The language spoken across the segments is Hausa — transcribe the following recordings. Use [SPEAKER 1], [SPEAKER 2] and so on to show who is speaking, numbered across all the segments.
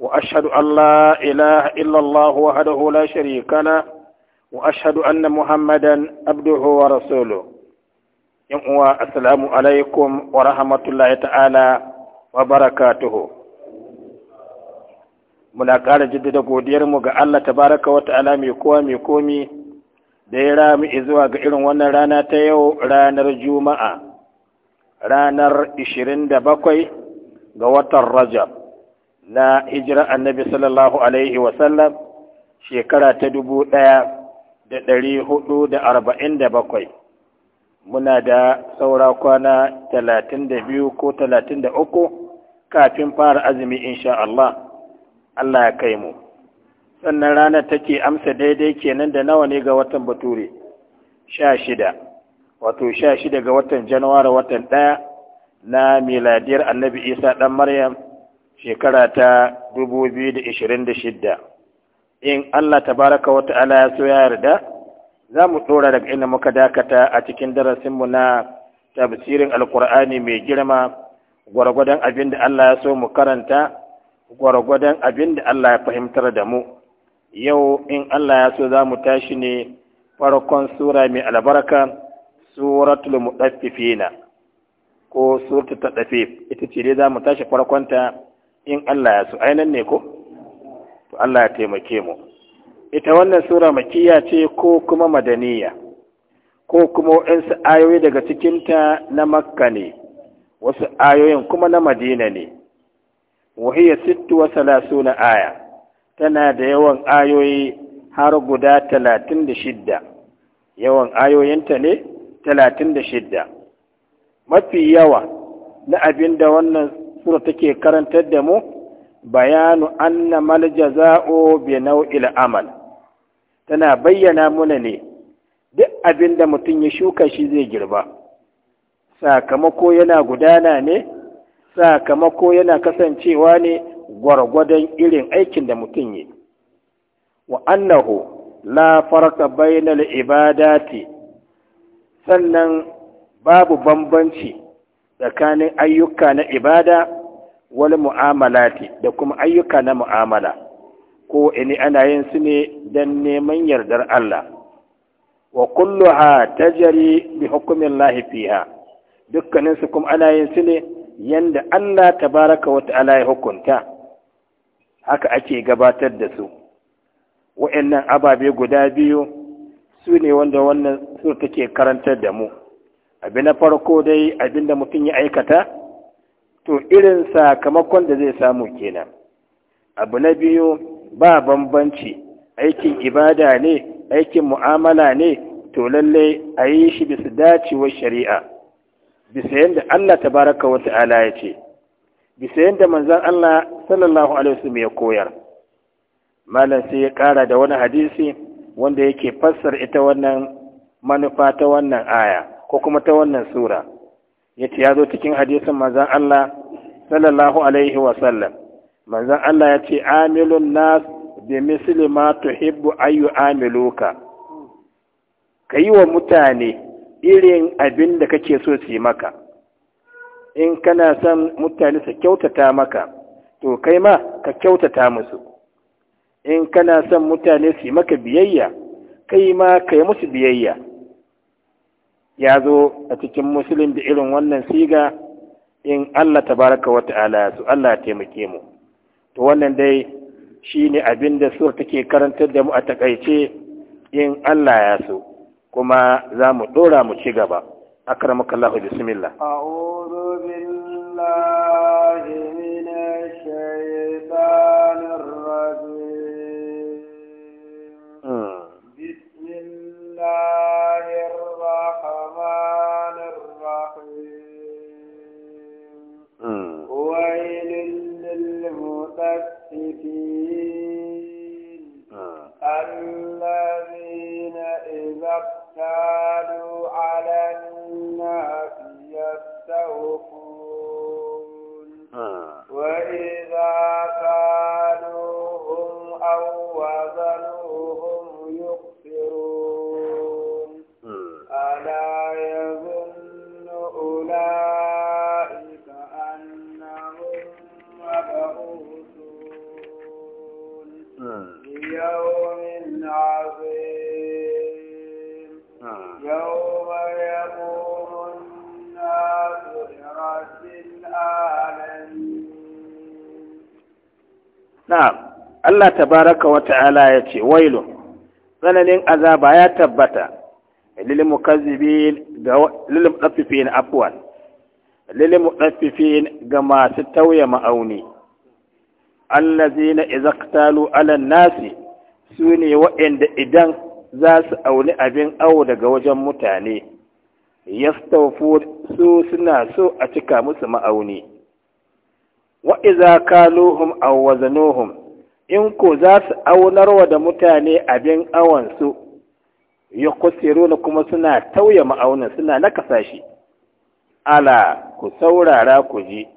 [SPEAKER 1] وأشهد أن لا إله إلا الله وحده لا شريك له وأشهد أن محمدا عبده ورسوله يقوى السلام عليكم ورحمة الله تعالى وبركاته muna ƙara jaddada godiyarmu ga Allah tabaraka wa ta'ala mai kowa mai komi da ya rami zuwa ga irin wannan rana ta yau ranar juma'a ranar 27 ga watan rajab na hijirar annabi sallallahu alaihi wasallam shekara ta dubu ɗaya da ɗari hudu da arba'in da bakwai muna da saura kwana talatin da biyu ko talatin da uku kafin fara azumi insha Allah Allah ya kai mu sannan ranar take amsa daidai kenan da nawa ne ga watan bature sha shida wato sha shida ga watan januwara watan ɗaya na miladiyar annabi isa ɗan maryam shekara ta dubu biyu da da shidda, in Allah tabaraka wa ta'ala ya so ya yarda za mu tsora daga ina muka dakata a cikin darasinmu na tafsirin alkur'ani mai girma gwargwadon abin da Allah ya so mu karanta gwargwadon abin da Allah ya fahimtar da mu yau in Allah ya so za mu tashi ne farkon sura mai albarka suratul mudaffifina ko ta dafe ita ce dai za mu tashi farkonta in Allah ya so ainihin ne ko to Allah ya taimake mu ita wannan sura makiya ce ko kuma madaniya ko kuma waɗansu ayoyi daga cikinta na makka ne wasu ayoyin kuma na madina ne wahiyya sittu wa na aya tana da yawan ayoyi har guda talatin da shidda yawan ayoyinta ne talatin da shidda mafi yawa na abin da wannan sura take karantar da mu bayanu anna mal jaza'u bi nau'il amal tana bayyana muna ne duk abin da mutum ya shuka shi zai girba sakamako yana gudana ne sakamako yana kasancewa ne gwargwadon irin aikin da mutum yi wa annahu la farqa bainal ibadati sannan babu bambanci tsakanin ayyuka na ibada wal mu'amalati da kuma ayyuka na mu'amala ko ini ana yin su ne don neman yardar Allah wa kulluha tajri bi hukumin lahi fiha dukkanin kuma ana yin su ne yanda Allah baraka wa ta'ala ya hukunta haka ake gabatar da su wa'annan ababe guda biyu su ne wanda wannan su take karantar da mu abin na farko dai abin da mutum ya aikata to irin sakamakon da zai samu kenan abu na biyu ba bambanci aikin ibada ne aikin mu'amala ne to lalle a yi shi bisa dacewar shari'a bisa yadda Allah Ta baraka wa ta'ala ya ce bisa yadda manzan Allah sallallahu alaihi wasallam ya koyar malam sai ya kara da wani hadisi wanda yake fassar ita wannan manufa ta wannan aya ko kuma ta wannan sura ce ya zo cikin hadisin Manzan Allah sallallahu alaihi wa sallam Manzan Allah ya yace amilun nas bi misli ma tuhibbu ayu amiluka kayi wa mutane irin abin da kake so su yi maka in kana son mutane su kyautata maka to kai ma ka kyautata musu in kana son mutane su yi maka biyayya kai ma ka musu biyayya ya zo a cikin musulun da irin wannan siga in Allah ta baraka wa ta'ala su Allah taimake mu to wannan dai shi ne abin da sur take karantar da mu a takaice in Allah ya so kuma za mu dora mu ci gaba akramakallahu bismillah
[SPEAKER 2] a'udhu billahi كانوا على الناس يستوفون آه. وإن
[SPEAKER 1] Na'am, Allah Ta wa ta'ala ya ce wailu tsananin azaba ya tabbata lil mukazzibin ga lil afuwan, lilimu ga masu tauye ma'auni allazina idza izaktalu alan nasi su ne waɗanda idan za su auni abin awo daga wajen mutane yastawfu su suna so a cika musu ma'auni wa iza kaluhum aw waznuhum in ko za su wa da mutane abin su? ya kusiruna kuma suna tauye ma'aunin suna nakasa shi ala ku saurara ku ji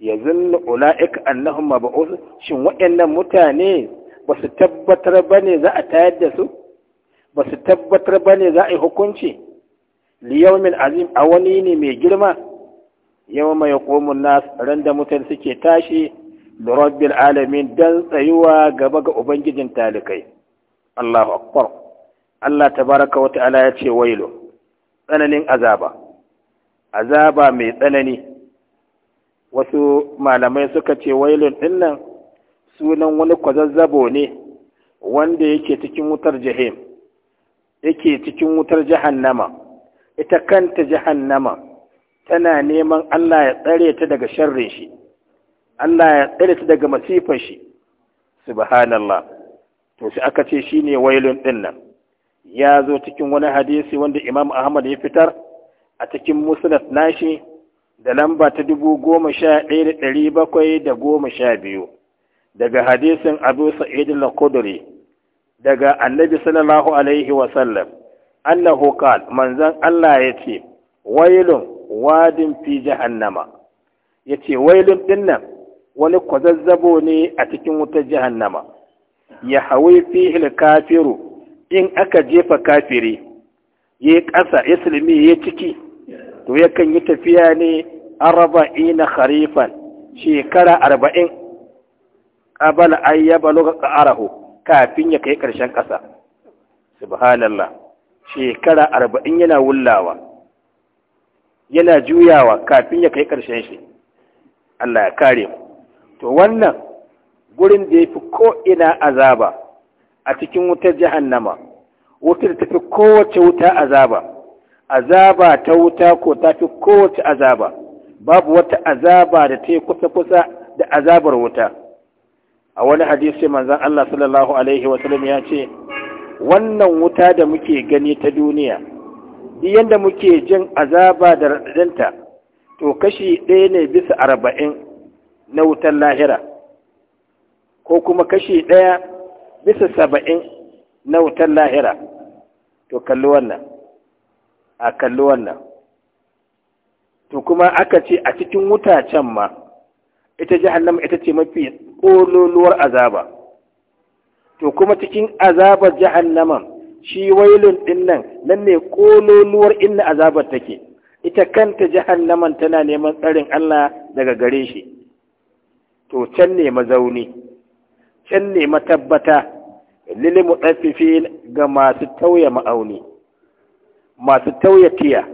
[SPEAKER 1] ya zunnu ula'ika annahum mab'us shin wa'annan mutane ba su tabbatar bane za a tayar da su ba su tabbatar bane za a yi hukunci liyaumin azim a ne mai girma yau mai komun nas ran da mutan suke tashi da rabbil alamin dan tsayuwa gaba ga ubangijin talikai Allahu akbar Allah tabaraka wa ta'ala ya ce wailo tsananin azaba azaba mai tsanani wasu malamai suka ce din nan. sunan wani kwazazzabo ne wanda yake cikin wutar jahim yake cikin wutar jahannama ita kanta jahannama tana neman Allah ya tsare ta daga sharrin shi Allah ya tsare ta daga masifar shi subhanallah to shi aka ce shine wailun ɗin nan ya zo cikin wani hadisi wanda Imam Ahmad ya fitar a cikin Musnad nashi da lamba ta dubu goma sha ɗaya da ɗari bakwai da goma sha biyu daga hadisin Abu Sa'id al qudri daga Annabi sallallahu alaihi wa sallam annahu qala manzon Allah yace wailun wadin fi jahannama ya ce wailun dinnan wani kwazazzabo ne a cikin wutar jahannama ya hawi fihil kafiru in aka jefa kafiri ya ƙasa ya ya ciki to yakan yi tafiya ne arba'ina kharifan shekara arba'in ƙabala ayyaba yaba ƙa'arahu kafin ya kai ƙarshen ƙasa subhanallah shekara arba'in yana wullawa yana juyawa kafin ya kai ƙarshen shi Allah ya kare mu to wannan gurin da ya fi ko'ina azaba a cikin wutar jahannama wutar ta fi kowace wuta azaba azaba ta wuta ko ta fi kowace azaba babu wata azaba da ta yi kusa-kusa da azabar wuta a wani hadisi manzan Allah sallallahu Alaihi wasallam ya ce wannan wuta da muke gani ta duniya yadda muke jin azaba da raɗaɗinta to kashi ɗaya ne bisa arba'in na wutar lahira ko kuma kashi ɗaya bisa saba'in na wutar lahira to kalli wannan a kalli wannan to kuma aka ce a cikin wuta can ma ita jahannama ita ce mafi ƙololuwar azaba to kuma cikin azabar jahannaman shi wailun din nan nan ne kololuwar inna azabar take ita kanta jahannaman tana neman tsarin Allah daga gare shi to can ne mazauni can ne matabbata lil mutaffifin ga masu tauye ma'auni masu tauye tiya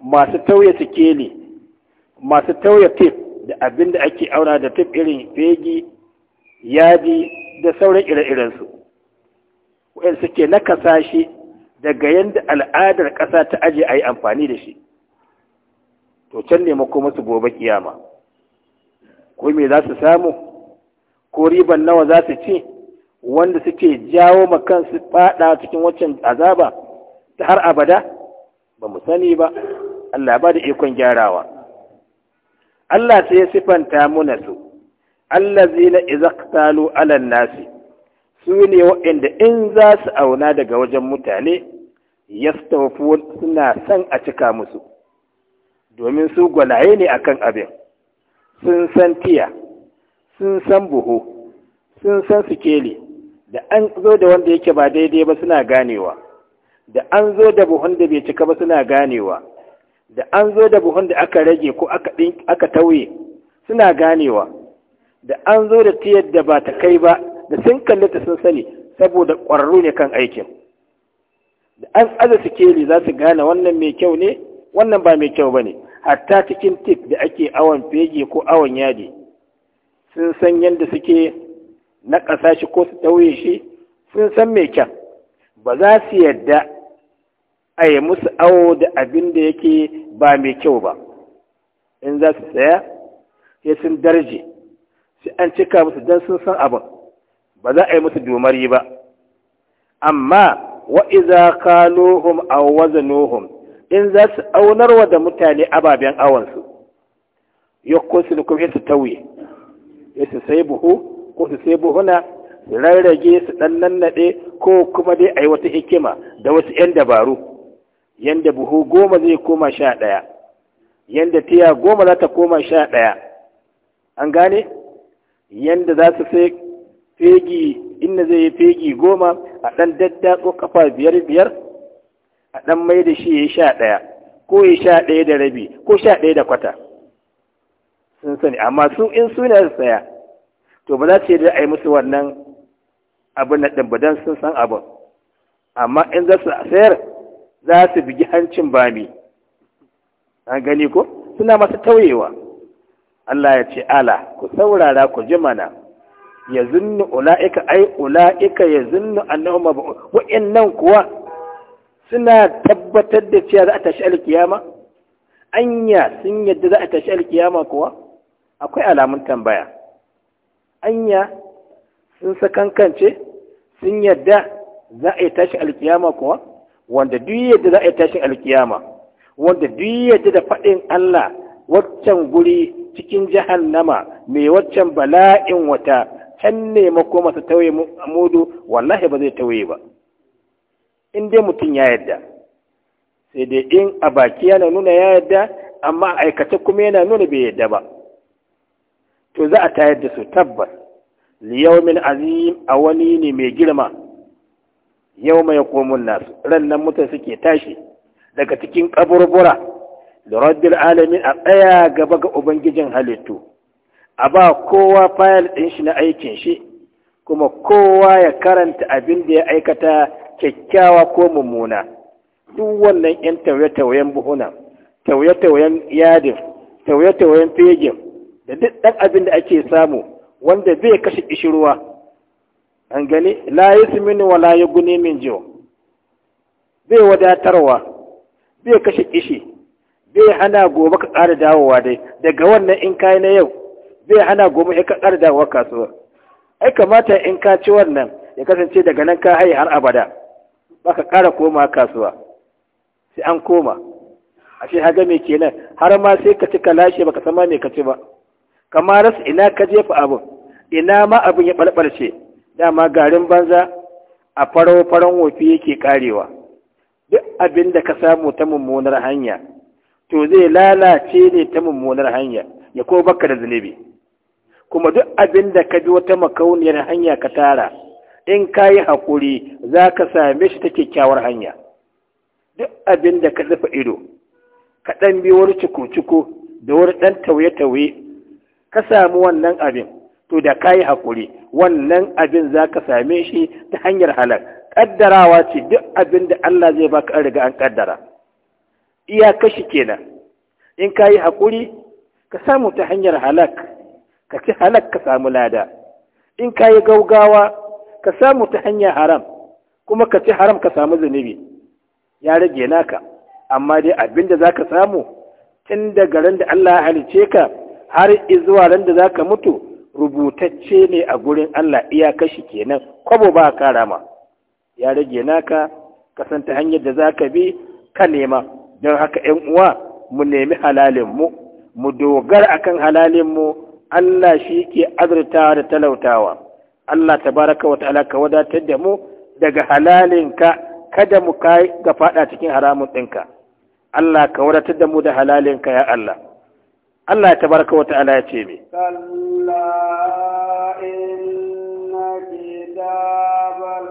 [SPEAKER 1] masu tauye sikeli masu tauye tif da abinda ake auna da tif irin fegi yadi da sauran ire-irensu wa'in suke nakasa shi daga yadda al'adar ƙasa ta aje a yi amfani da shi to can ne mako masu gobe kiyama ko me za su samu ko riban nawa za su ci wanda suke jawo makan su fada cikin waccan azaba ta har abada ba mu sani ba Allah ba da ikon gyarawa Allah sai ya sifanta muna su allazina idza qtalu ala nasi su ne waɗanda in za su auna daga wajen mutane ya suna son a cika musu domin su gwalaye ne akan abin sun san tiya sun san buhu sun san sikeli da an zo da wanda yake ba daidai ba suna ganewa da an zo da buhun da bai cika ba suna ganewa da an zo da buhun da aka rage ko aka tauye suna ganewa da an zo da tiyar da ba ta kai ba da sun kalli ta sun sani saboda ƙwararru ne kan aikin da an aza sikeli za su gane wannan mai kyau ne wannan ba mai kyau ba ne hatta cikin tip da ake awon fege ko awon yadi sun san yadda suke na ƙasa shi ko su tauye shi sun san mai kyau. ba za su yadda a yi musu awo da abin da yake ba mai kyau ba in za su saya sai sun darje sai an cika musu don sun san abin ba za a yi musu dumari ba amma wa iza kaluhum aw wazanuhum in za su aunarwa da mutane ababen awansu yakkusul su yasu tawi su sai buhu ko su sai buhuna su rarrage su dan nannade ko kuma dai yi wata hikima da wasu yan dabaru yanda buhu goma zai koma sha ɗaya yanda tiya goma za ta koma sha ɗaya an gane yanda za su sai fegi inda zai yi fegi goma a ɗan daddatso kafa biyar biyar a ɗan mai da shi ya yi sha ɗaya ko ya sha ɗaya da rabi ko sha ɗaya da kwata sun sani amma su in suna saya to ba za su yi a yi musu wannan abin na ɗin ba sun san abin amma in za su sayar za su bigi hancin bami an gani ko suna masu tauyewa Allah ya ce ala ku saurara ku ji mana ya zunnu ula'ika ai ula'ika ya zunnu annahum wa'annan kuwa suna tabbatar da cewa za a tashi alkiyama anya sun yadda za a tashi alkiyama kuwa akwai alamun tambaya anya sun sakankance sun yadda za a tashi alkiyama kuwa wanda duk yadda za a yi tashin alkiyama wanda duk yadda da faɗin Allah waccan guri cikin jahannama mai waccan bala'in wata can ne mako masa tauye mudu wallahi ba zai tauye ba in dai mutum ya yadda sai dai in a baki yana nuna ya yadda amma a aikace kuma yana nuna bai yadda ba to za a tayar da su tabbas liyaumin azim a wani ne mai girma yau mai komun nasu ran nan mutum suke tashi daga cikin kaburbura da rabbil alamin a tsaya gaba ga ubangijin halittu a ba kowa fayil ɗin shi na aikin shi kuma kowa ya karanta abin da ya aikata kyakkyawa ko mummuna duk wannan 'yan tauye-tauyen buhuna tauye-tauyen yadin tauye-tauyen fegin da duk ɗan abin da ake samu wanda zai kashe ƙishirwa an gani la yasminu wa la guni min jiwa zai wadatarwa zai kashe kishi zai hana gobe ka ƙara dawowa dai daga wannan in kai na yau zai hana goma ya kakar dawowa kasuwa ai kamata in ka ci wannan ya kasance daga nan ka haye har abada ba ka ƙara koma kasuwa sai an koma a shi haga mai kenan har ma sai ka ci ka lashe baka sama mai ka ci ba kamar ina ka jefa abin ina ma abin ya ɓalɓalce dama garin banza a faro faran wofi yake karewa duk abin da ka samu ta mummunar hanya to zai lalace ne ta mummunar hanya ya ko baka da zunubi kuma duk abin da ka bi wata makauniyar hanya ka tara in ka yi haƙuri za ka same shi ta kyakkyawar hanya duk abin da ka zafa ido ka ɗan bi wani cuku da wani ɗan tauye-tauye ka samu wannan abin to da ka yi haƙuri wannan abin za ka same shi ta hanyar halar ƙaddarawa ce duk abin da Allah zai baka an riga an ƙaddara iya kashi kenan in ka yi haƙuri ka samu ta hanyar halak ka ci halak ka samu lada in ka yi gaugawa ka samu ta hanya haram kuma ka ci haram ka samu zunubi ya rage naka amma dai abin da za ka samu tun daga ran da Allah ya halice ka har izuwa ran da za ka mutu rubutacce ne a gurin Allah iya kashi kenan kwabo ba ka rama ya rage naka ka san ta hanyar da za ka bi ka nema don haka ‘yan uwa mu nemi halalinmu mu dogara akan halalinmu Allah shi ke azurtawa da talautawa Allah baraka wa ta'ala ka wadatar da mu daga halalinka kada mu kai ga fada cikin haramun ɗinka Allah ka wadatar da mu da halalinka ya Allah Allah baraka wa ta'ala ya ce me
[SPEAKER 2] inna kitabal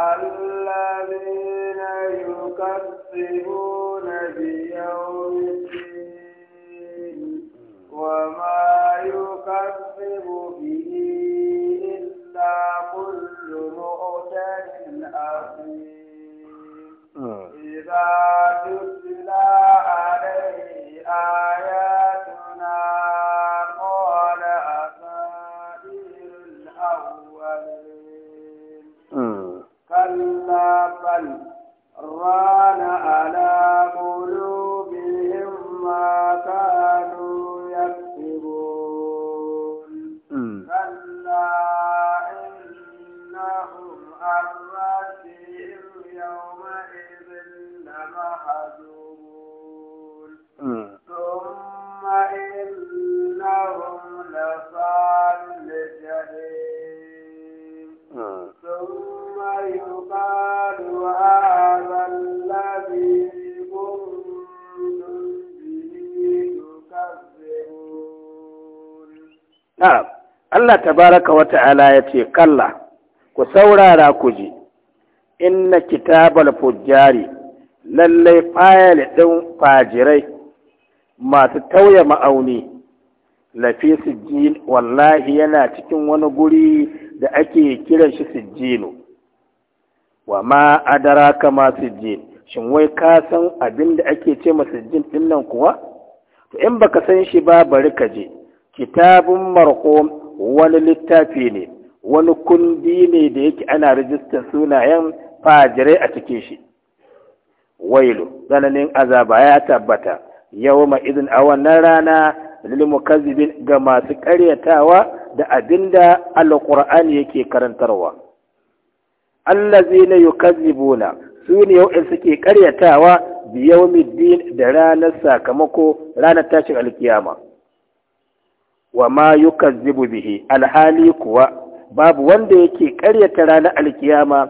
[SPEAKER 2] الذين يكذبون بيوم الدين وما يكذب به إلا كل مؤتد أثيم إذا تتلى عليه آه
[SPEAKER 1] na'am Allah tabaraka wa ta'ala ya ce kalla ku saurara ku ji inna kitabal fujari, lallai fayale, ɗin fajirai masu tauye ma'auni lafi sijjin wallahi yana cikin wani guri da ake kiran shi sijjinu wa ma ka ma sijjin shin wai ka san abin da ake ce ma sijjin ɗin nan kuwa to in baka san shi ba bari ka je kitabun marko wani littafi ne wani kundi ne da yake ana rijistar sunayen fajirai a cikin shi wailu tsananin azaba ya tabbata yau ma izin a wannan rana lilmukazzibin ga masu karyatawa da abinda alqur'ani yake karantarwa allazina yukazzibuna su ne yau suke karyatawa biyawmiddin da ranar sakamako ranar tashin alkiyama wa ma yukazzibu bihi alhali kuwa babu wanda yake karyata ranar alkiyama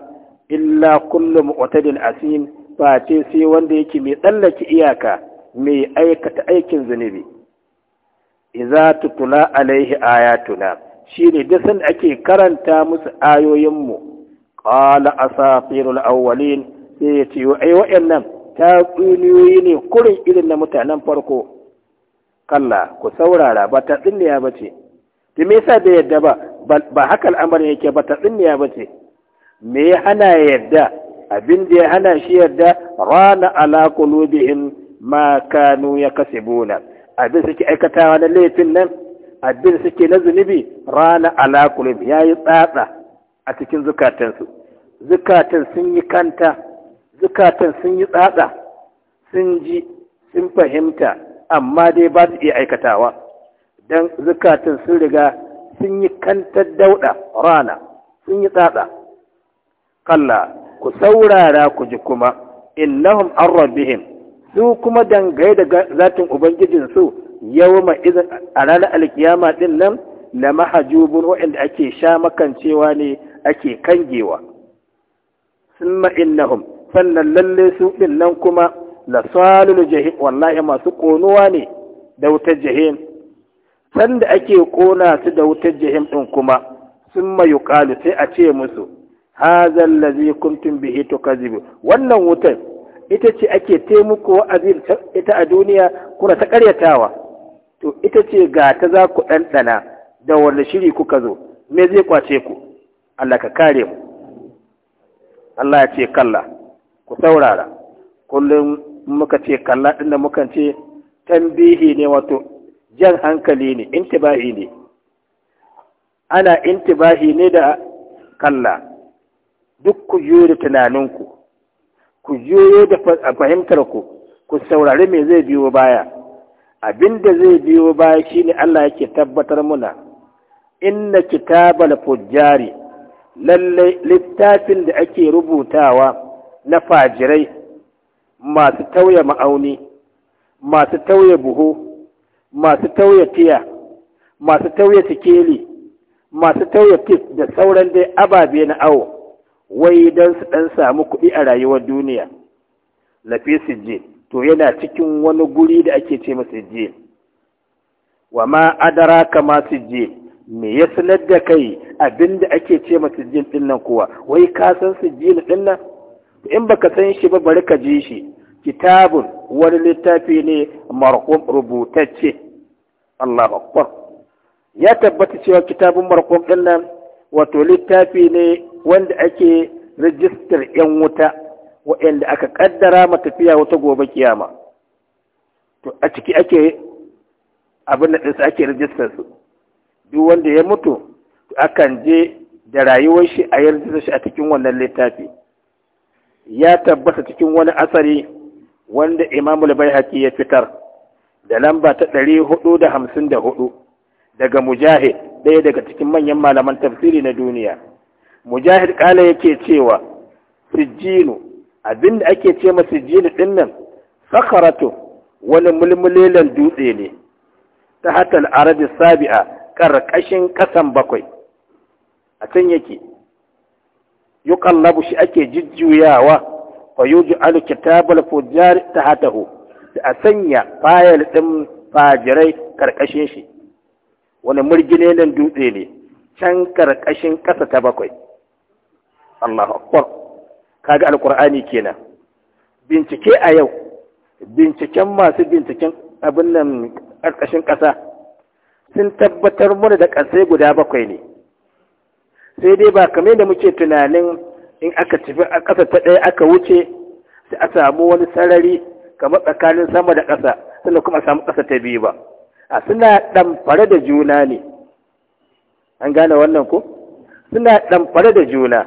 [SPEAKER 1] illa kullum mu'tadin asim ba ce sai wanda yake mai tsallake iyaka mai aikata aikin zunubi idza tutula alaihi ayatuna shine duk san ake karanta musu ayoyinmu qala asatirul awwalin sai ya ce ai wayannan tatsuniyoyi ne kurin irin na mutanen farko kalla ku saurara ba ta tsinniya ba ce ta me yasa bai yadda ba ba haka al'amarin yake ba ta tsinniya ba ce me ya hana yadda abin da ya hana shi yadda rana ala kulubihim ma kanu Bona, abin suke aikatawa na laifin nan abin suke na zunubi rana ala ya yi tsatsa a cikin zukatansu zukatan sun yi kanta zukatan sun yi tsatsa sun ji sun fahimta amma dai ba su iya aikatawa Dan zukatun sun riga sun yi kantar dauɗa rana sun yi tsatsa kalla ku saurara ku ji kuma innahum an rabbihim su kuma dangaye da zatin ubangijinsu yau ma izin a ranar alkiyama din nan na mahajubun waɗanda ake sha makancewa ne ake kangewa sun innahum sannan lalle su ɗin nan kuma la salul jahim wallahi masu konuwa ne da wutar jahim sanda ake kona su da wutar jahim din kuma sun mayu kalu sai a ce musu hazal lazi kuntum bihi tukazibu wannan wutar ita ce ake taimako wa'azi ita a duniya kuna ta karyatawa to ita ce ga ta za ku ɗanɗana da wanda shiri kuka zo me zai kwace ku Allah ka kare mu Allah ya ce kalla ku saurara kullum muka ce kalla ɗin da muka ce tambihi ne wato jan hankali ne intibahi ne ana intibahi ne da kalla duk ku juyo da tunaninku ku juyo da fahimtar ku ku saurari me zai biyo baya abin da zai biyo baya shine Allah yake tabbatar muna inna kitabal fujjari lallai littafin da ake rubutawa na fajirai masu tauye ma'auni masu tauye buhu masu tauye tiya masu tauye sikeli masu tauye tif da sauran dai ababe na awo wai don su ɗan samu kuɗi a rayuwar duniya lafi je to yana cikin wani guri da ake ce masa sijil wa ma adara ka kama sijil me ya sanar da kai abinda ake ce masa jin ɗin kuwa wai ka san su ɗin nan in baka san shi ba bari ka ji shi kitabun wani littafi ne marhum rubutacce Allahu akbar ya tabbata cewa kitabun marhum din nan wato littafi ne wanda ake rijistar yan wuta wa'inda aka kaddara matafiya wata gobe kiyama to a ciki ake abin da su ake rijistar su duk wanda ya mutu akan je da rayuwar shi a yarda shi a cikin wannan littafi ya tabbata cikin wani asari wanda Imam al ya fitar da lamba ta 454 daga Mujahid ɗaya daga cikin manyan malaman tafsiri na duniya Mujahid kala yake cewa sijjinu abinda ake ce ma sijjinu dinnan sakaratu wani mulmulelan dutse ne ta hatal arabi sabi'a karkashin kasan bakwai a can yake yuqallabu shi ake jujjuyawa fa al kitabul fujar tahatahu da a sanya fayil din fajirai karkashin shi wani murgine nan dutse ne can karkashin kasa ta bakwai Allahu akbar kaga alqur'ani kenan bincike a yau binciken masu binciken abin nan karkashin kasa sun tabbatar mana da kasai guda bakwai ne sai dai ba kamar da muke tunanin in aka tafi a ƙasa ta ɗaya aka wuce sai a samu wani sarari kamar tsakanin sama da ƙasa sannan kuma a samu ƙasa ta biyu ba a suna ɗamfare da juna ne an gane wannan ko suna ɗamfare da juna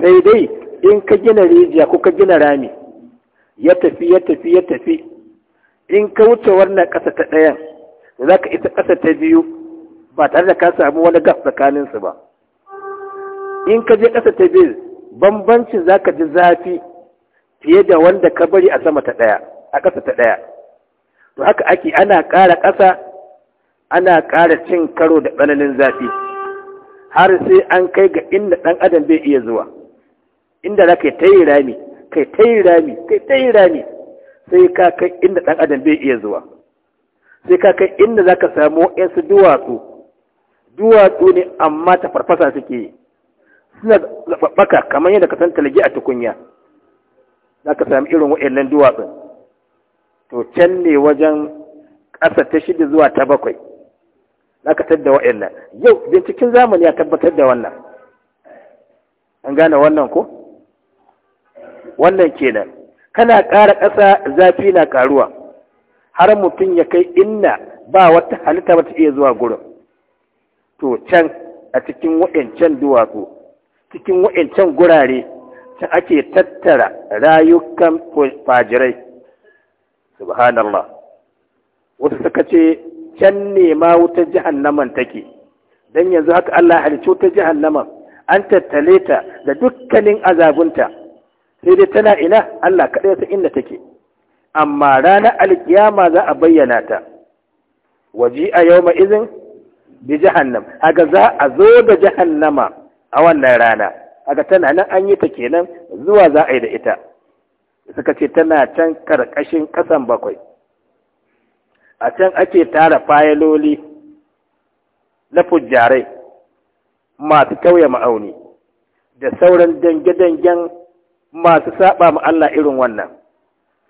[SPEAKER 1] sai dai in ka gina rijiya ko ka gina rami ya tafi ya tafi ya tafi in ka wuce wannan ƙasa ta ɗayan za ka isa ƙasa ta biyu ba tare da ka samu wani gas tsakaninsu ba in ka je ƙasa ta biyu bambancin za ka ji zafi fiye da wanda ka bari a sama ta ɗaya a ƙasa ta ɗaya to haka ake ana ƙara ƙasa ana ƙara cin karo da tsananin zafi har sai an kai ga inda ɗan adam bai iya zuwa inda za ka ta yi rami kai ta yi rami kai ta yi rami sai ka kai inda ɗan adam bai iya zuwa sai ka kai inda za ka samu 'yansu duwatsu duwatsu ne amma ta farfasa suke yi suna zaɓaɓɓaka kamar yadda ka san talge a tukunya za ka sami irin wa'annan duwatsun to can ne wajen ƙasa ta shida zuwa ta bakwai za ka tadda wa'annan yau binciken zamani ya tabbatar da wannan an gane wannan ko wannan kenan kana ƙara ƙasa zafi na ƙaruwa har mutum ya kai inna ba wata halitta ba ta iya zuwa gurin to can a cikin wa'ancan duwatsu cikin wa'ancan gurare can ake tattara rayukan fajirai subhanallah wasu suka ce can ne ma wuta jahannaman take Don yanzu haka Allah halicci ta jahannaman an tattale ta da dukkanin azabunta sai dai tana ina Allah kaɗai ta inda take amma ranar alkiyama za a bayyana ta waji a yau ma izin bi jahannam aga za a zo da jahannama a wannan rana aga tana nan an yi ta kenan zuwa za a yi da ita suka ce tana can karkashin kasan bakwai a can ake tara fayiloli na fujjarai masu kauye ma'auni da sauran dange-dangen masu saba ma Allah irin wannan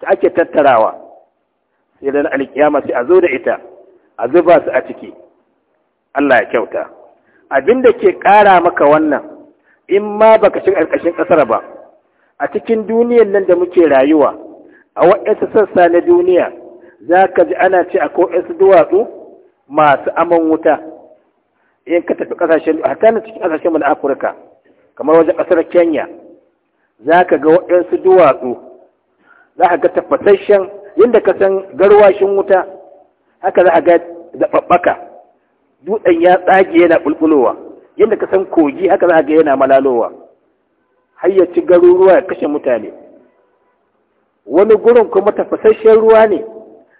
[SPEAKER 1] ta ake tattarawa sai da alkiyama sai a zo da ita a zuba su a ciki Allah ya kyauta abin da ke ƙara maka wannan in ma baka shiga ƙarƙashin ƙasar ba a cikin duniyar nan da muke rayuwa a waɗansu sassa na duniya za ka ji ana ce a ko'insu duwatsu masu aman wuta in ka tafi ƙasashen a na cikin ƙasashen mu na afirka kamar wajen ƙasar kenya za ka ga waɗansu duwatsu za ka ga tafasasshen yadda ka san garwashin wuta haka za a ga zaɓaɓɓaka dutsen ya tsage yana bulbulowa yadda ka san kogi haka za ga yana malalowa har ya ci garuruwa ya kashe mutane wani gurin kuma tafasasshen ruwa ne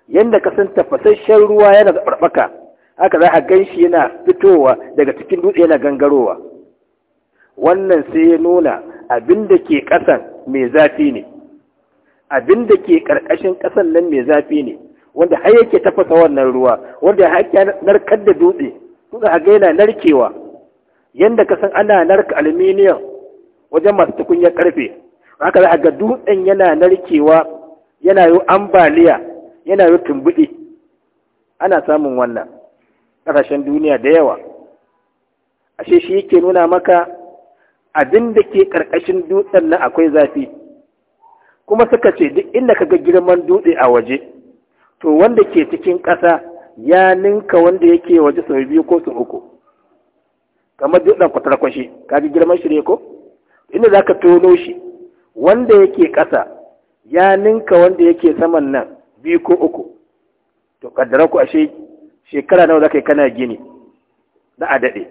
[SPEAKER 1] yadda ka san tafasasshen ruwa yana zaɓarɓaka haka za a gan shi yana fitowa daga cikin dutse yana gangarowa wannan sai ya nuna abin da ke ƙasan mai zafi ne abin da ke ƙarƙashin ƙasan nan mai zafi ne wanda har yake tafasa wannan ruwa wanda har yake narkar da dutse kuma a ga yana narkewa yanda ka san ana narka aluminium wajen masu tukunyar karfe haka za a ga dutsen yana narkewa yana yi ambaliya yana yi tumbuɗe ana samun wannan ƙasashen duniya da yawa ashe shi yake nuna maka abin da ke ƙarƙashin dutsen nan akwai zafi kuma suka ce duk inda ka ga girman dutse a waje to wanda ke cikin ƙasa ya ninka wanda yake waje sau biyu ko sau uku kamar jirɗan kwatarkwashi kaji girman shi ne ko inda za ka tono shi wanda yake ƙasa ya ninka wanda yake saman nan biyu ko uku to kaddara ku ashe shekara nawa za ka yi kana gini da a daɗe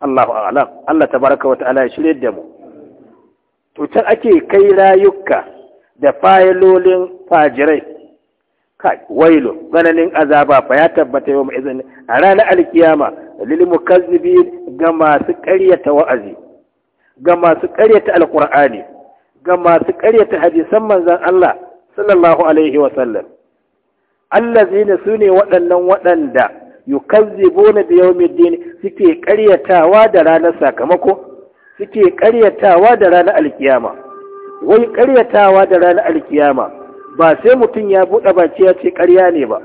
[SPEAKER 1] Allahu a'lam Allah tabaraka wa ta'ala ya shirye da mu to can ake kai rayuka da fayilolin fajirai kai wailu tsananin azaba fa ya tabbata yau izin a ranar alkiyama lil mukazzibin ga masu karyata wa'azi ga masu karyata alkur'ani ga masu karyata hadisan manzan Allah sallallahu alaihi wa sallam su sune waɗannan waɗanda yukazzibuna mai dini suke karyatawa da ranar sakamako suke karyatawa da ranar alkiyama wai karyatawa da ranar alkiyama ba sai mutum ya buɗe baki ya ce ƙarya ne ba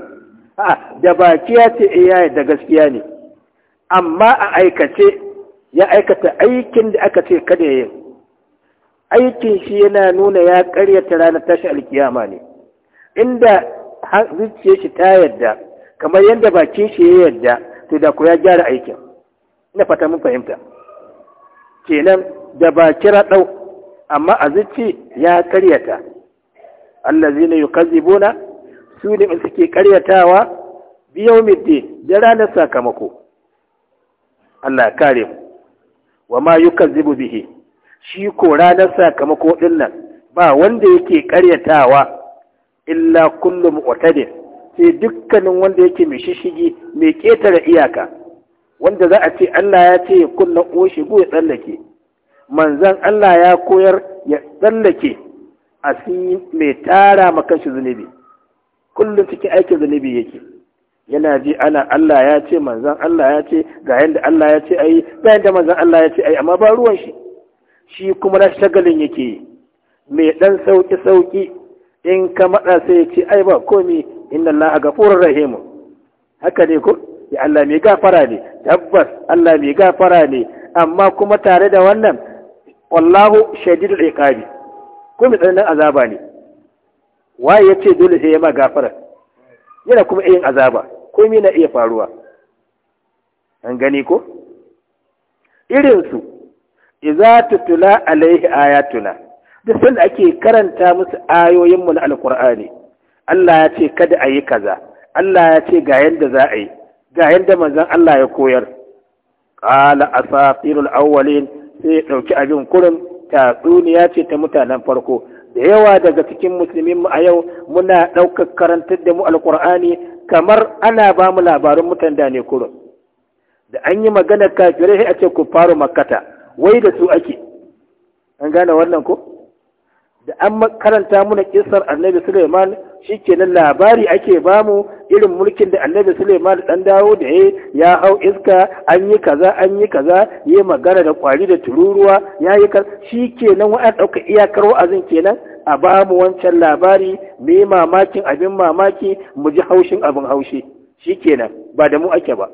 [SPEAKER 1] a'a da baki ya ce iya eh, da gaskiya ne amma a aikace ya aikata aikin da aka ce kada ya aikin shi yana nuna ya ta ranar tashi alkiyama ne inda zuciya shi ta yadda kamar yadda bakin shi ya yadda to da ku ya gyara aikin ina fata mun fahimta kenan da ba kira ɗau amma a zuci ya karyata allazina yukazzibuna su ne suke karyatawa biyawmiddin da ranar sakamako Allah kare mu wa ma yukazzibu bihi shi ko ranar sakamako din nan ba wanda yake karyatawa illa kullum mu'tadin sai dukkanin wanda yake mai shishigi mai ketare iyaka wanda za a ce Allah ya ce ya kunna shigo ya tsallake manzan Allah ya koyar ya tsallake A yi mai tara makanshi zunubi kullum cikin aikin zunubi yake yana ji ana Allah ya ce manzan Allah ya ce ga yadda Allah ya ce ayi ga yadda manzan Allah ya ce ayi amma ba ruwan shi shi kuma na shagalin yake yi mai dan sauki sauƙi in ka maɗa sai ya ce ai ba komi inna Allah gafurur rahimu haka ne ko ya Allah mai gafara ne tabbas Allah mai gafara ne amma kuma tare da wannan wallahu shadidul iqabi ko mai tsananin azaba ne waye ya ce dole sai ya ma gafara yana kuma yin azaba ko na iya faruwa an gani ko irinsu iza tutula alaihi ayatuna duk sanda ake karanta musu ayoyinmu na alkur'ani Allah ya ce kada a yi kaza Allah ya ce ga yadda za a yi ga yadda manzon Allah ya koyar qala asatirul awwalin sai ya dauki abin kurin tatsuniya ce ta mutanen farko da yawa daga cikin musulmin mu a yau muna ɗaukar karantar da mu alkur'ani kamar ana ba mu labarin mutan da ne kurum da an yi magana kafirai a ce ku faru makkata wai da su ake an gane wannan ko da an karanta muna kisar annabi Suleiman shi kenan labari ake bamu irin mulkin da annabi Suleiman dan dawo da ya ya hau iska an yi kaza an yi kaza ya magana da kwari da tururuwa ya yi kar kenan wa'an ɗauka iyakar wa'azin kenan a bamu wancan labari mu yi mamakin abin mamaki mu ji haushin abin haushi shi kenan ba da mu ake ba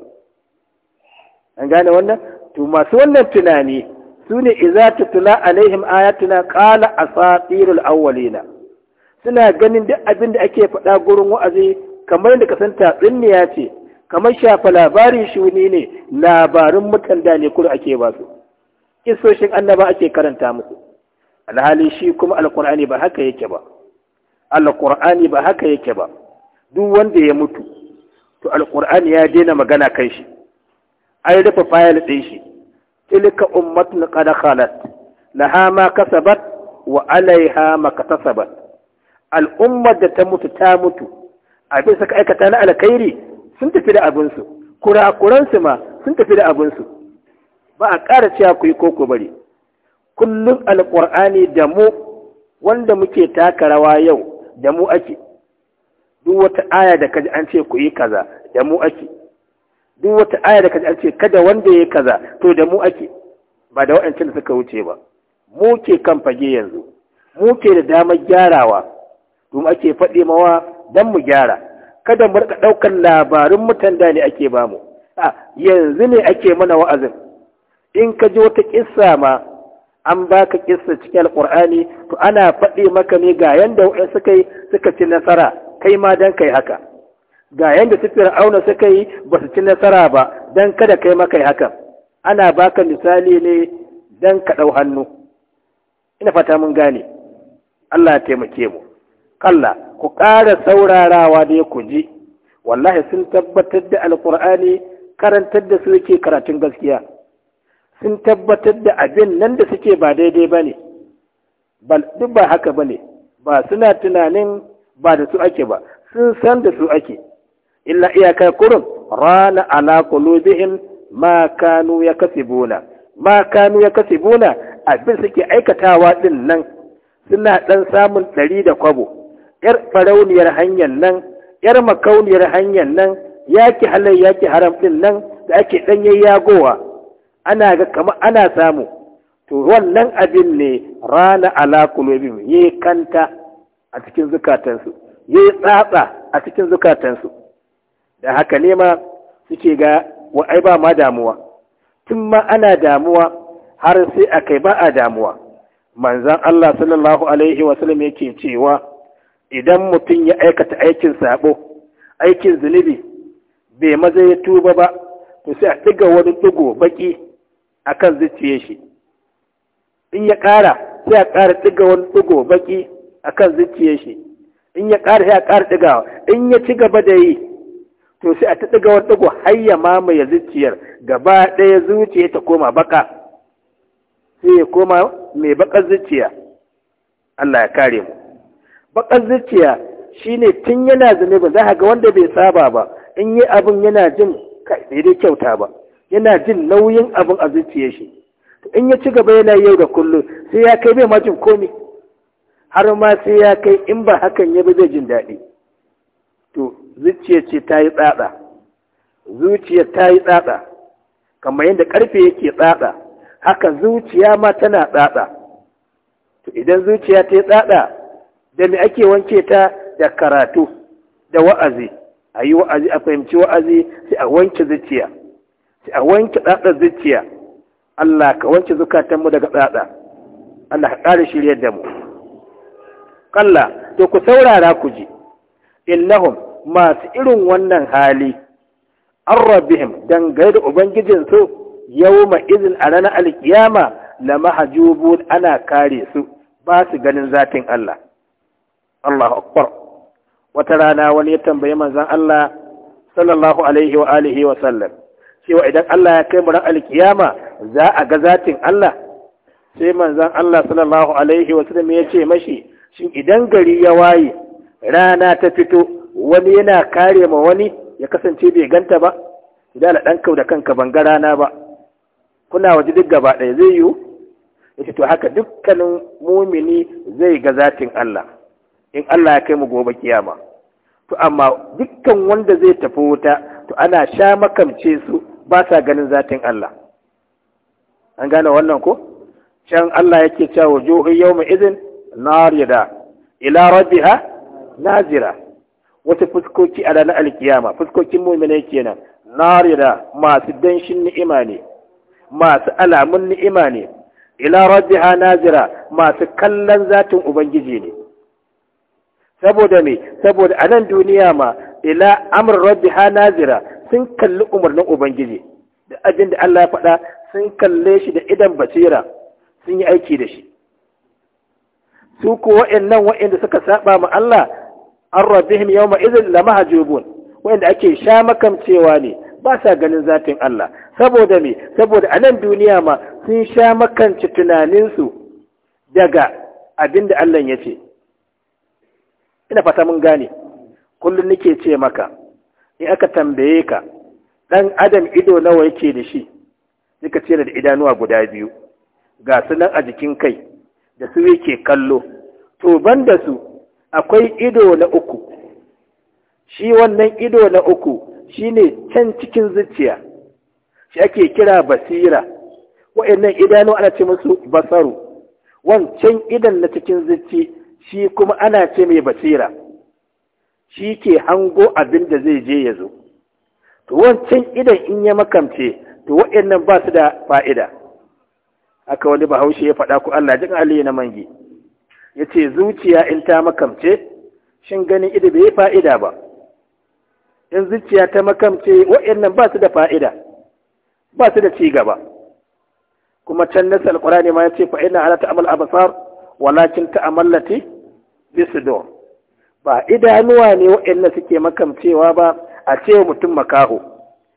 [SPEAKER 1] an gane wannan to masu wannan tunani sune idza tula alaihim ayatuna qala asatirul awwalina suna ganin duk abin da ake faɗa gurin wa'azi kamar da kasanta tatsuniya ce kamar shafa labari shuni ne labarin mutan da ne kuma ake ba su kisoshin annaba ake karanta musu alhali shi kuma alqur'ani ba haka yake ba alqur'ani ba haka yake ba duk wanda ya mutu to alkur'ani ya daina magana kan shi an rufe fayil ɗin shi tilka ummatu qad khalat laha ma kasabat wa alaiha kasabat al'ummar da ta mutu ta mutu abin suka aikata na alkhairi sun tafi da abin su kurakuran su ma sun tafi da abin su ba a ƙara cewa ku yi koko bari kullum alqur'ani da mu wanda muke taka rawa yau da mu ake duk wata aya da kaji an ce ku yi kaza da mu ake duk wata aya da kaji ce kada wanda ya kaza to da mu ake ba da waɗancan da suka wuce ba mu ke kan fage yanzu mu ke da damar gyarawa domin ake faɗi mawa don mu gyara kada mu rika ɗaukar labarin mutan da ne ake bamu a yanzu ne ake mana wa'azin in ka ji wata kissa ma an baka kissa cikin alƙur'ani to ana faɗi maka ne ga yanda waɗansu kai suka ci nasara kai ma dan kai haka ga yadda su fir'auna suka yi ba su ci nasara ba don kada kai maka yi hakan ana baka misali ne don ka ɗau hannu ina fata mun gane Allah ya taimake mu kalla ku ƙara saurarawa da ya kunji. wallahi sun tabbatar da alƙur'ani karantar da su karatun gaskiya sun tabbatar da abin nan da suke ba daidai ba ne duk ba haka ba ne ba suna tunanin ba da su ake ba sun san da su ake illa iyaka kurun, rana ala qulubihim ma kanu buna ma kanu buna, abin suke aikatawa din nan suna dan samun ɗari da kwabo yar farauniyar hanyar nan yar makauniyar hanyar nan yaki halai yaki haram din nan da ake danyen yagowa ana ga kamar ana samu to wannan abin ne rana ala qulubihim yi kanta a cikin zukatansu yi tsatsa a cikin zukatansu da haka ne ma suke ga wa ai ba ma damuwa tun ma ana damuwa har sai a kai ba a damuwa manzan Allah sallallahu alaihi wasallam yake cewa idan mutum ya aikata aikin sabo aikin zunubi bai maza ya tuba ba to sai a ɗiga wani ɗigo baki akan zuciyar shi in ya ƙara sai a ƙara ɗiga wani ɗigo baki akan zuciyar shi in ya ƙara sai a ƙara ɗigawa in ya ci gaba da yi to sai a ta ɗiga wani ɗigo har ya mamaye zuciyar gaba ɗaya zuciya ta koma baka sai ya koma mai bakar zuciya Allah ya kare mu bakar zuciya shine tun yana zane ba za ga wanda bai saba ba in yi abin yana jin kai kyauta ba yana jin nauyin abin a zuciyar shi in ya ci gaba yana yau da kullum sai ya kai bai ma komi har ma sai ya kai in ba hakan ya bi zai jin daɗi to zuciya ce ta yi tsada, zuciya ta yi tsada kamar yadda karfe yake tsada, haka zuciya ma tana tsada. to idan zuciya ta yi tsada, da me ake wanke ta da karatu da wa'azi a yi wa'azi a fahimci wa'azi sai a wanke zuciya sai a wanke tsada zuciya Allah ka wanke zukatanmu daga tsada. Allah ka ƙara shiryar da mu kalla to ku saurara ku ji innahum masu irin wannan hali an rabbihim dangane da ubangijinsu yawma izin a ranar alkiyama la mahajubun ana kare su ba su ganin zatin Allah Allahu akbar wata rana wani ya tambayi manzon Allah sallallahu alaihi wa alihi wa sallam cewa idan Allah ya kai mu ran alkiyama za a ga zatin Allah sai manzon Allah sallallahu alaihi wa sallam ya ce mashi shin idan gari ya waye rana ta fito wani yana kare ma wani ya kasance bai ganta ba idan da ɗan kau da kanka ban ga rana ba kuna waje duk gaba ɗaya zai yiwu yace to haka dukkanin mumini zai ga zatin Allah in Allah ya kai mu gobe kiyama to amma dukkan wanda zai tafi wuta to ana sha makamce su ba sa ganin zatin Allah an gane wannan ko can Allah yake cewa wujuhu yawma idhin narida ila rabbiha nazira wata fuskoki a ranar alkiyama fuskokin mu'minai kenan narira masu danshin ni'ima ne masu alamun ni'ima ne ila rabbiha nazira masu kallon zatin ubangiji ne saboda me saboda a nan duniya ma ila amr rabbiha nazira sun kalli umarnin ubangiji da abin da Allah ya faɗa sun kalle shi da idan basira sun yi aiki da shi su ko wa'annan wa'anda suka saba ma Allah an rabbihim yawma idhin lamahjubun wanda ake sha makamcewa ne ba sa ganin zafin Allah saboda me saboda a nan duniya ma sun sha makanci tunaninsu daga abinda Allah ya ce ina fata mun gane kullum nake ce maka in aka tambaye ka dan adam ido nawa yake da shi nika ce da idanuwa guda biyu ga su nan a jikin kai da su yake kallo to ban da su akwai ido na uku shi wannan ido na uku shine can cikin zuciya shi ake kira basira wa'annan idanu ana ce musu basaru wancan idan na cikin zuci shi kuma ana ce mai basira shi ke hango abin da zai je ya zo to wancan idan in ya makamce to wa'annan ba su da fa'ida aka wani bahaushe ya faɗa ku Allah jin aliyu na mangi ya ce zuciya in ta makamce shin ganin ido bai fa'ida ba in zuciya ta makamce wa'annan ba su da fa'ida ba su da ci gaba kuma can nasa alƙurani ma ya ce fa'ina ala ta'amal basar walakin ta'amallati do. ba idanuwa ne wa'annan suke makamcewa ba a ce mutum makaho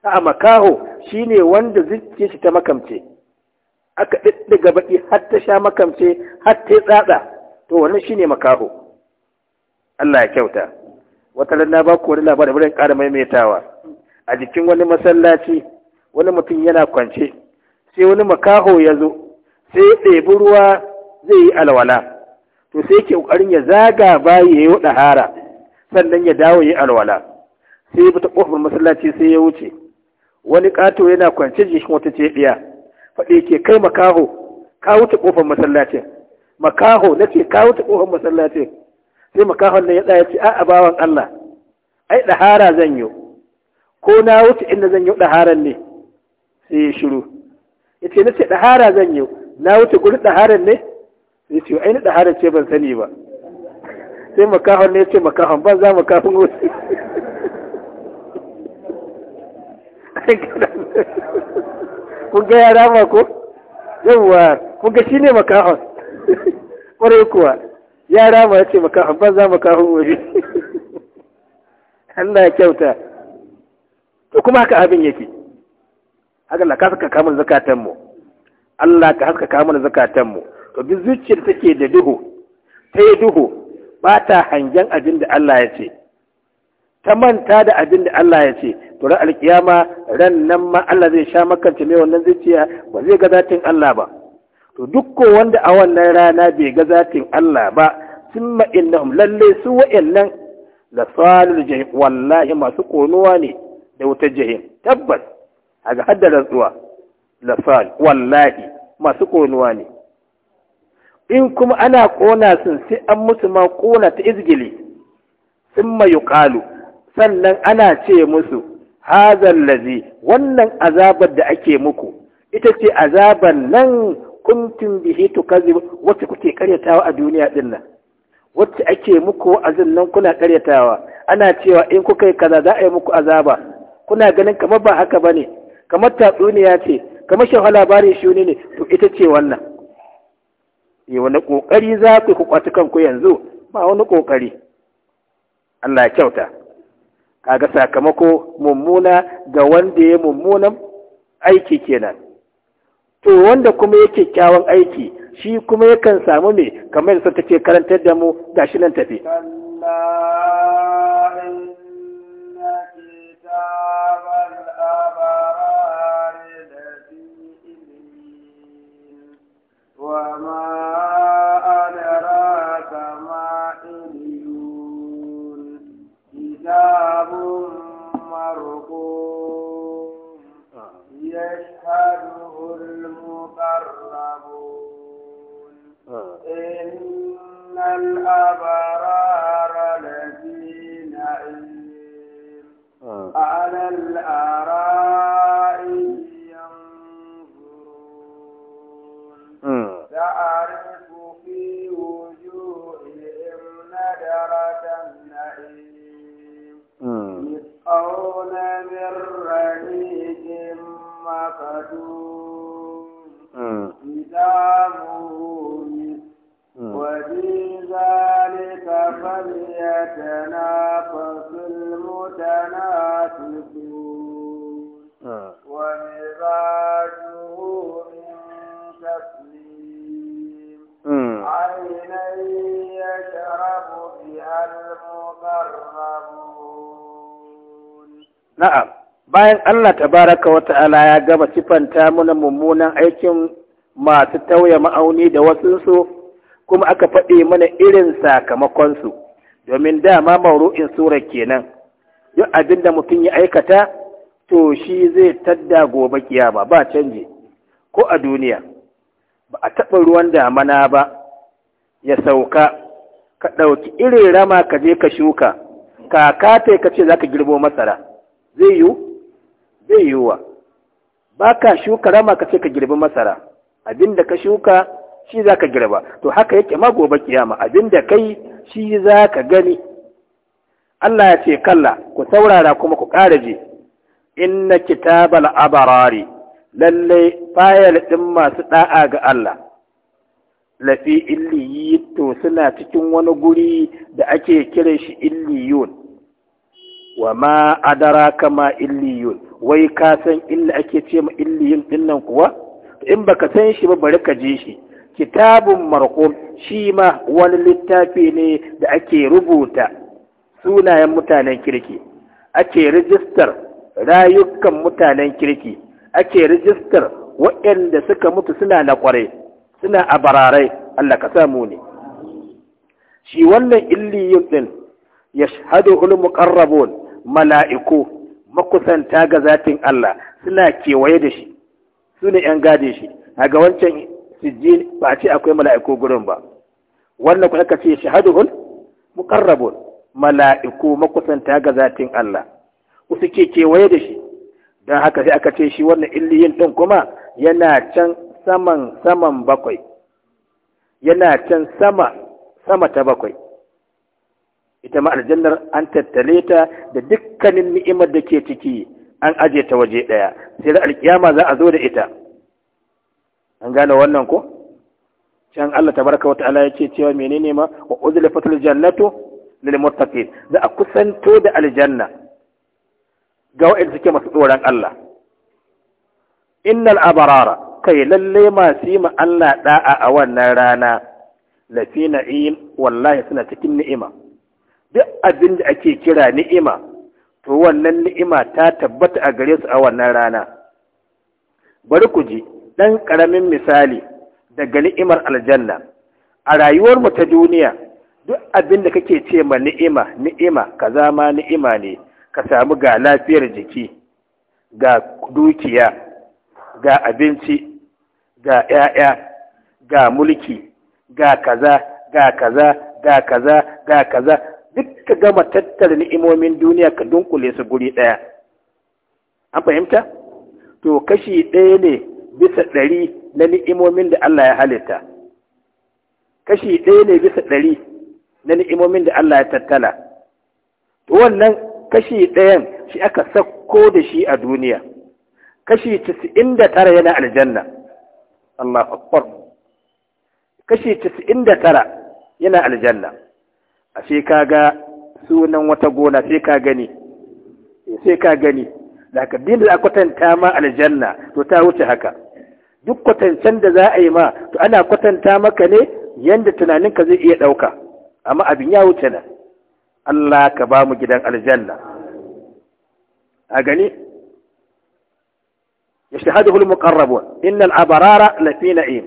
[SPEAKER 1] a makaho shine wanda zuciya ta makamce aka ɗiɗɗiga baƙi har ta sha makamce har ta tsatsa to wannan shine makaho Allah ya kyauta wata na ba ku wani labarin wurin ƙara maimaitawa a jikin wani masallaci wani mutum yana kwance sai wani makaho ya zo sai ya ɗebi ruwa zai yi alwala to sai ke ƙoƙarin ya zaga bayi ya yi hara sannan ya dawo ya yi alwala sai ya fita ƙofar masallaci sai ya wuce wani ƙato yana kwance jikin wata cebiya faɗi ke kai makaho ka wuce ƙofar masallacin makaho na ce kawo ta ƙofar masallacin sai makahon nan ya tsaya ce a'a bawan Allah ai ɗahara zan yi ko na wuce inda zan yi ɗaharan ne sai ya shiru ya ce na ce ɗahara zan yi na wuce guri ɗaharan ne ya ce ai na ɗaharan ce ban sani ba sai makahon ne ya ce makahon ban za makahon wuce kun ga yara ma ko yawwa kun ga shi ne makahon ƙwarai kuwa yara ma ya ce za mu makahun wuri Allah ya kyauta to kuma haka abin yake haka Allah ka haska kamun zakatanmu Allah ka haska kamun zakatanmu to bi zuciyar take da duhu ta yi duhu ba ta hangen abin da Allah ya ce ta manta da abin da Allah ya ce to ran alkiyama ran nan ma Allah zai sha makance mai wannan zuciya ba zai ga zatin Allah ba to duk wanda a wannan rana bai ga zatin Allah ba sun ma'innahum lalle su wa'annan la salul jahim wallahi masu konuwa ne da wutar jahim tabbas a ga zuwa la sal wallahi masu konuwa ne in kuma ana kona sun sai an musu ma kona ta izgili sun mayu sannan ana ce musu hazan lazi wannan azabar da ake muku ita ce azabar nan kuntum bihi tukazzibu wacce kuke karyatawa a duniya din nan wacce ake muku wa'azin nan kuna karyatawa ana cewa in kuka yi kaza za a yi muku azaba kuna ganin kamar ba haka bane kamar tatsuniya ce kamar shafa labarin shuni ne to ita ce wannan yi eh, wani kokari za ku ku kwaci kanku yanzu ba wani kokari Allah kyauta kaga sakamako mummuna ga wanda ya mummunan aiki kenan to wanda kuma yake kyawun aiki shi kuma yakan samu ne kamar yadda take karantar da mu shi nan tafi
[SPEAKER 2] وما مكرمون آه. إن الأبرار لفي نعيم آه. على الأرائك ينظرون تعرف آه. في وجوههم نذرة النعيم يسقون من رهيج مكدون كتابه آه. وفي ذلك فليتنافس المتنافسون آه. ومزاجه من تسليم آه. عينا يشرب بها
[SPEAKER 1] المقربون نعم bayan Allah tabaraka wa ta'ala ya gama sifanta mana mummunan aikin masu tauya ma'auni da wasunsu kuma aka faɗi mana irin sakamakonsu domin dama mauru'in surar kenan duk abin da mutum ya aikata to shi zai tadda gobe kiyama ba canji ko a duniya ba a taɓa ruwan damana ba ya sauka ka ɗauki irin rama ka je ka shuka kaka ta ka ce za ka girbo masara zai yiwu Zai yiwuwa ba ka shuka rama ka ce ka girbi masara abin da ka shuka shi za ka girba to haka yake ma gobe kiyama da kai shi za ka gani Allah ya ce kalla ku saurara kuma ku ƙara ji inna kitabal abarari lalle fayal ɗin masu ɗa'a ga Allah lafi illiyi to suna cikin wani guri da ake kira shi illiyun wa ma adara kama illiyun wai ka san illa ake ce ma illiyun dinnan kuwa in baka san shi ba bari ka ji shi kitabun marqum shi ma wani littafi ne da ake rubuta sunayen mutanen kirki ake rijistar rayukan mutanen kirki ake rijistar waɗanda suka mutu suna na kware suna a bararai Allah ka samu ne shi wannan illiyun din yashhadu ulul muqarrabun mala'iku makusanta ga zatin Allah suna kewaye da shi su ‘yan gade shi a ga wancan sijji ba a ce akwai mala'iku gurin ba wannan kuma ka ce shahaduhul Mala'iko mala'iku makusanta ga zatin Allah ku suke kewaye da shi don haka sai aka ce shi wannan illiyin ɗin kuma yana can saman saman bakwai yana can sama sama ta bakwai ita ma aljannar an tattale ta da dukkanin ni'imar da ke ciki an aje ta waje ɗaya sai da alkiyama za a zo da ita an gane wannan ko can Allah tabaraka wa ta'ala yace cewa menene ma wa uzlifatul jannatu lil muttaqin za a kusanto da aljanna ga wa'anda suke masu tsoron Allah innal abarara kai lalle masu yi ma Allah da'a a wannan rana lafi na'im wallahi suna cikin ni'ima abin da ake kira ni'ima to wannan ni'ima ta tabbata a gare su a wannan rana bari ku ji ɗan ƙaramin misali daga ni'imar aljanna a rayuwar mu ta duniya duk abin da kake ce ma ni'ima ni'ima ka zama ni'ima ne ka samu ga lafiyar jiki ga dukiya ga abinci ga 'ya'ya ga mulki ga kaza ga kaza ga kaza ga kaza duk ka gama tattara ni'imomin duniya ka dunkule su guri ɗaya an fahimta to kashi ɗaya ne bisa ɗari na ni'imomin da Allah ya halitta kashi ɗaya ne bisa ɗari na ni'imomin da Allah ya tattala to wannan kashi ɗayan shi aka sakko da shi a duniya kashi casa'in da tara yana aljanna Allah akbar kashi casa'in da tara yana aljanna ashe kaga sunan wata gona sai ka gani eh, sai ka gani da ka din da kwatanta ma aljanna to ta wuce haka duk kwatancen da za a yi ma to ana kwatanta maka ne yanda ka zai iya ɗauka amma abin ya wuce nan Allah ka ba mu gidan aljanna a gani yashhadu al muqarrabun innal abarara lafi na'im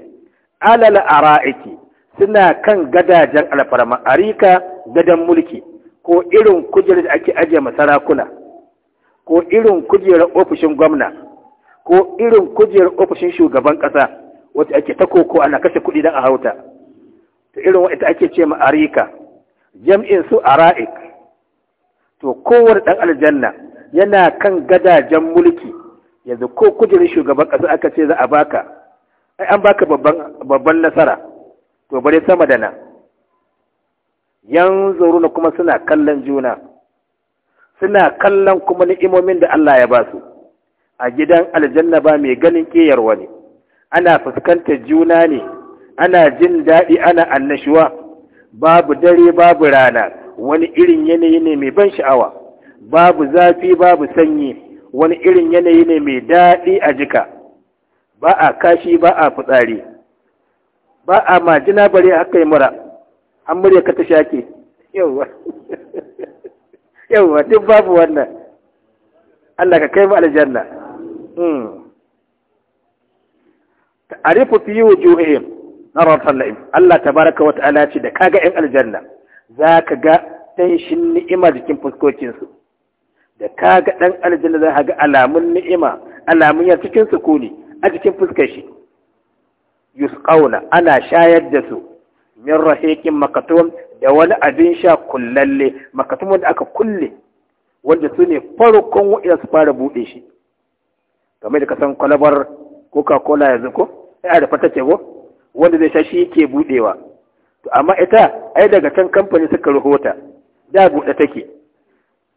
[SPEAKER 1] ala al ara'iki suna kan gadajen alfarma arika gadon mulki ko irin kujerar da ake ajiye sarakuna, ko irin kujerar ofishin gwamna ko irin kujerar ofishin shugaban ƙasa wacce ake ta koko ana kashe kuɗi don a hauta to irin wata ake ce ma arika jam'in su ara'ik to kowane ɗan aljanna yana kan gadajen mulki yanzu ko kujerar shugaban ƙasa aka ce za a baka ai an baka babban nasara to bare sama da nan Yan na kuma suna kallon juna suna kallon kuma ni'imomin da Allah ya ba su a gidan aljanna ba mai ganin ƙeyar wani ana fuskantar juna ne ana jin daɗi ana annashuwa babu dare babu rana wani irin yanayi ne mai ban sha'awa babu zafi babu sanyi wani irin yanayi ne mai daɗi a jika ba a kashi ba a fitsari ba a majina bare a yi mura an murya ka ta shaƙe. yawwa yawwa duk babu wannan Allah ka kai mu aljanna hmm. arifu fi wujuhihim narar sallim Allah baraka wa ta'ala ce da kaga yan aljanna za ka ga danshin ni'ima jikin fuskokin su da kaga dan aljanna za ka ga alamun ni'ima alamun ya cikin sukuni a jikin fuskar shi yusqauna ana shayar da su min rahiqin makatum da wani abin sha kullalle makatum da aka kulle wanda su ne farkon wa'ida su fara buɗe shi kamar da san kwalabar coca-cola yanzu ko ya da fata ce ko wanda zai sha shi ke buɗewa to amma ita ai daga can kamfani suka rahota da buɗe take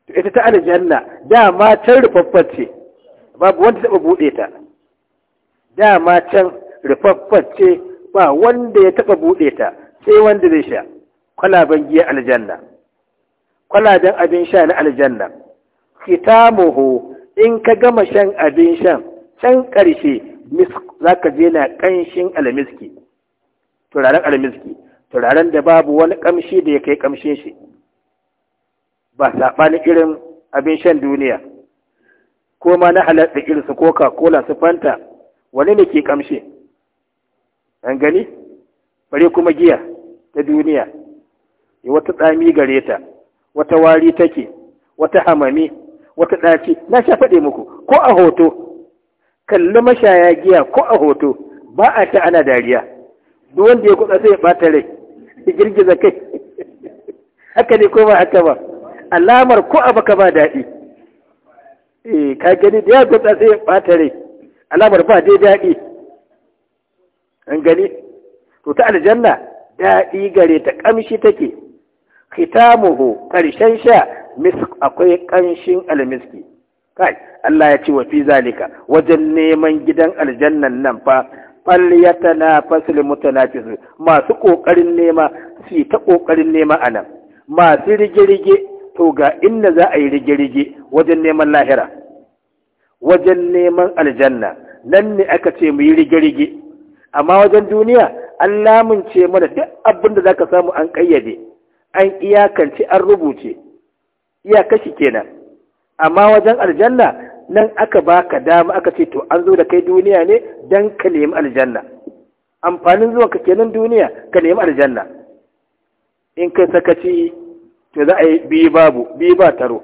[SPEAKER 1] to ita ta aljanna da ma can rufaffar ce babu wanda taɓa buɗe ta da ma can ce, ba wanda ya taɓa buɗe ta sai wanda zai sha kwalaban giya aljanna kwalaben abin sha na aljanna kitamuhu in ka gama shan abin shan can ƙarshe za ka je na ƙanshin almiski turaren almiski turaren da babu wani ƙamshi da ya kai ƙamshin shi ba saɓani irin abin shan duniya ko ma na halatta irin su coca cola su fanta wani ne ke ƙamshi an gani bare kuma giya ta duniya wata tsami gare ta wata wari take wata hamami wata ɗaci na sha faɗe muku ko a hoto kalli mashaya giya ko a hoto ba a ta ana dariya duk wanda ya kuɗa sai ya ɓata rai ya girgiza kai haka ne ko ba haka ba alamar ko a baka ba daɗi eh ka gani da ya kuɗa sai ya ɓata rai alamar ba dai daɗi an gani to ta aljanna daɗi gare ta ƙamshi take khitamuhu ƙarshen sha misk akwai ƙanshin almiski kai Allah ya ce wa fi zalika wajen neman gidan aljannan nan fa falyatana fasil mutanafis masu kokarin nema su ta kokarin nema anan masu rige-rige to ga inda za a yi rige-rige wajen neman lahira wajen neman aljanna nan ne aka ce mu yi rige-rige amma wajen duniya an lamunce mana duk abin da zaka samu an kayyade an iyakance an rubuce iyakashi kenan amma wajen aljanna nan aka baka dama aka ce to an zo da kai duniya ne dan ka nemi aljanna amfanin zuwa ka kenan duniya ka nemi aljanna in kai sakaci to za a yi biyu babu biyu ba taro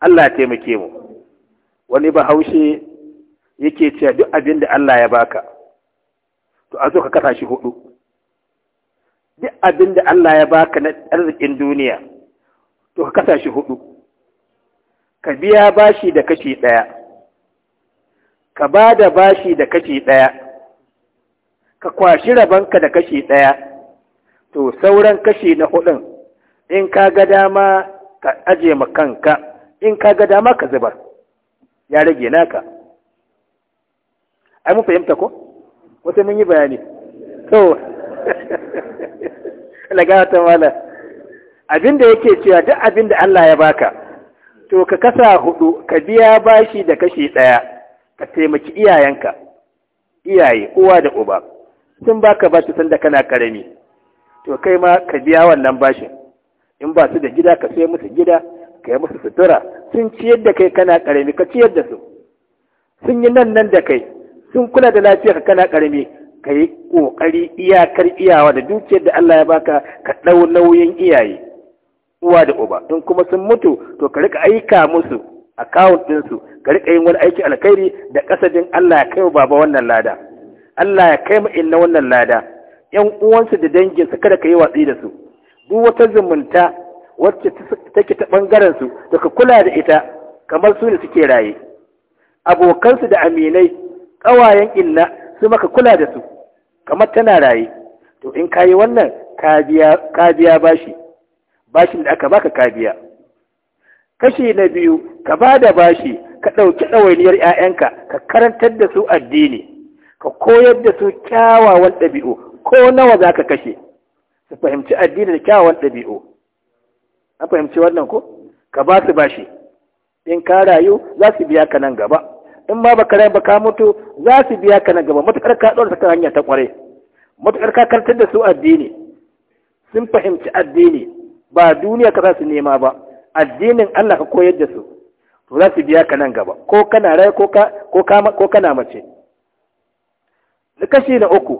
[SPEAKER 1] Allah ya taimake mu wani bahaushe yake cewa duk abin da Allah ya baka to an so ka kasa shi hudu duk abin da Allah ya baka na arzikin duniya to ka kasa shi hudu ka biya bashi da kashi daya ka ba da bashi da kashi daya ka kwashi rabanka da kashi daya to sauran kashi na hudun in ka ga dama ka aje ma kanka in ka ga dama ka zubar ya rage naka ai mun fahimta ko wata mun yi bayani to lagata ta mala abinda yake cewa duk abinda Allah ya baka to ka kasa hudu ka biya bashi da kashi daya ka taimaki iyayenka iyaye uwa da uba sun baka bashi sanda kana karami to kai ma ka biya wannan bashin in ba su da gida ka sai musu gida ka yi musu sutura sun ciyar da kai kana karami ka ciyar da su sun yi nan nan da kai sun kula da lafiyar kana karami ka yi ƙoƙari iyakar iyawa da dukiyar da Allah ya baka ka ɗau nauyin iyaye uwa da uba in kuma sun mutu to ka rika aika musu akawun ɗinsu ka rika yin wani aiki alkhairi da kasabin Allah ya kai baba wannan lada Allah ya kai inna wannan lada yan uwansu da danginsu kada ka yi watsi da su duk wata zumunta wacce take ta bangaren su da ka kula da ita kamar su ne suke raye abokansu da aminai ƙawayen illa su maka kula da su kamar tana raye to in ka yi wannan ka biya bashi bashin da aka baka ka kashi na biyu ka ba da bashi ka ɗauki ɗawainiyar 'ya'yanka ka karantar da su addini ka koyar da su kyawawan ɗabi'u ko nawa za ka kashe su fahimci addini da kyawawan ɗabi'u an fahimci wannan ko ka ba su bashi in ka rayu za su biya ka nan gaba in ma baka rai baka mutu za su biya ka na gaba matukar ka dora ta hanya ta kware matukar ka karantar da su addini sun fahimci addini ba duniya ka za su nema ba addinin Allah ka koyar da su to za su biya ka nan gaba ko kana rai ko ka ko ka ko kana mace na kashi na uku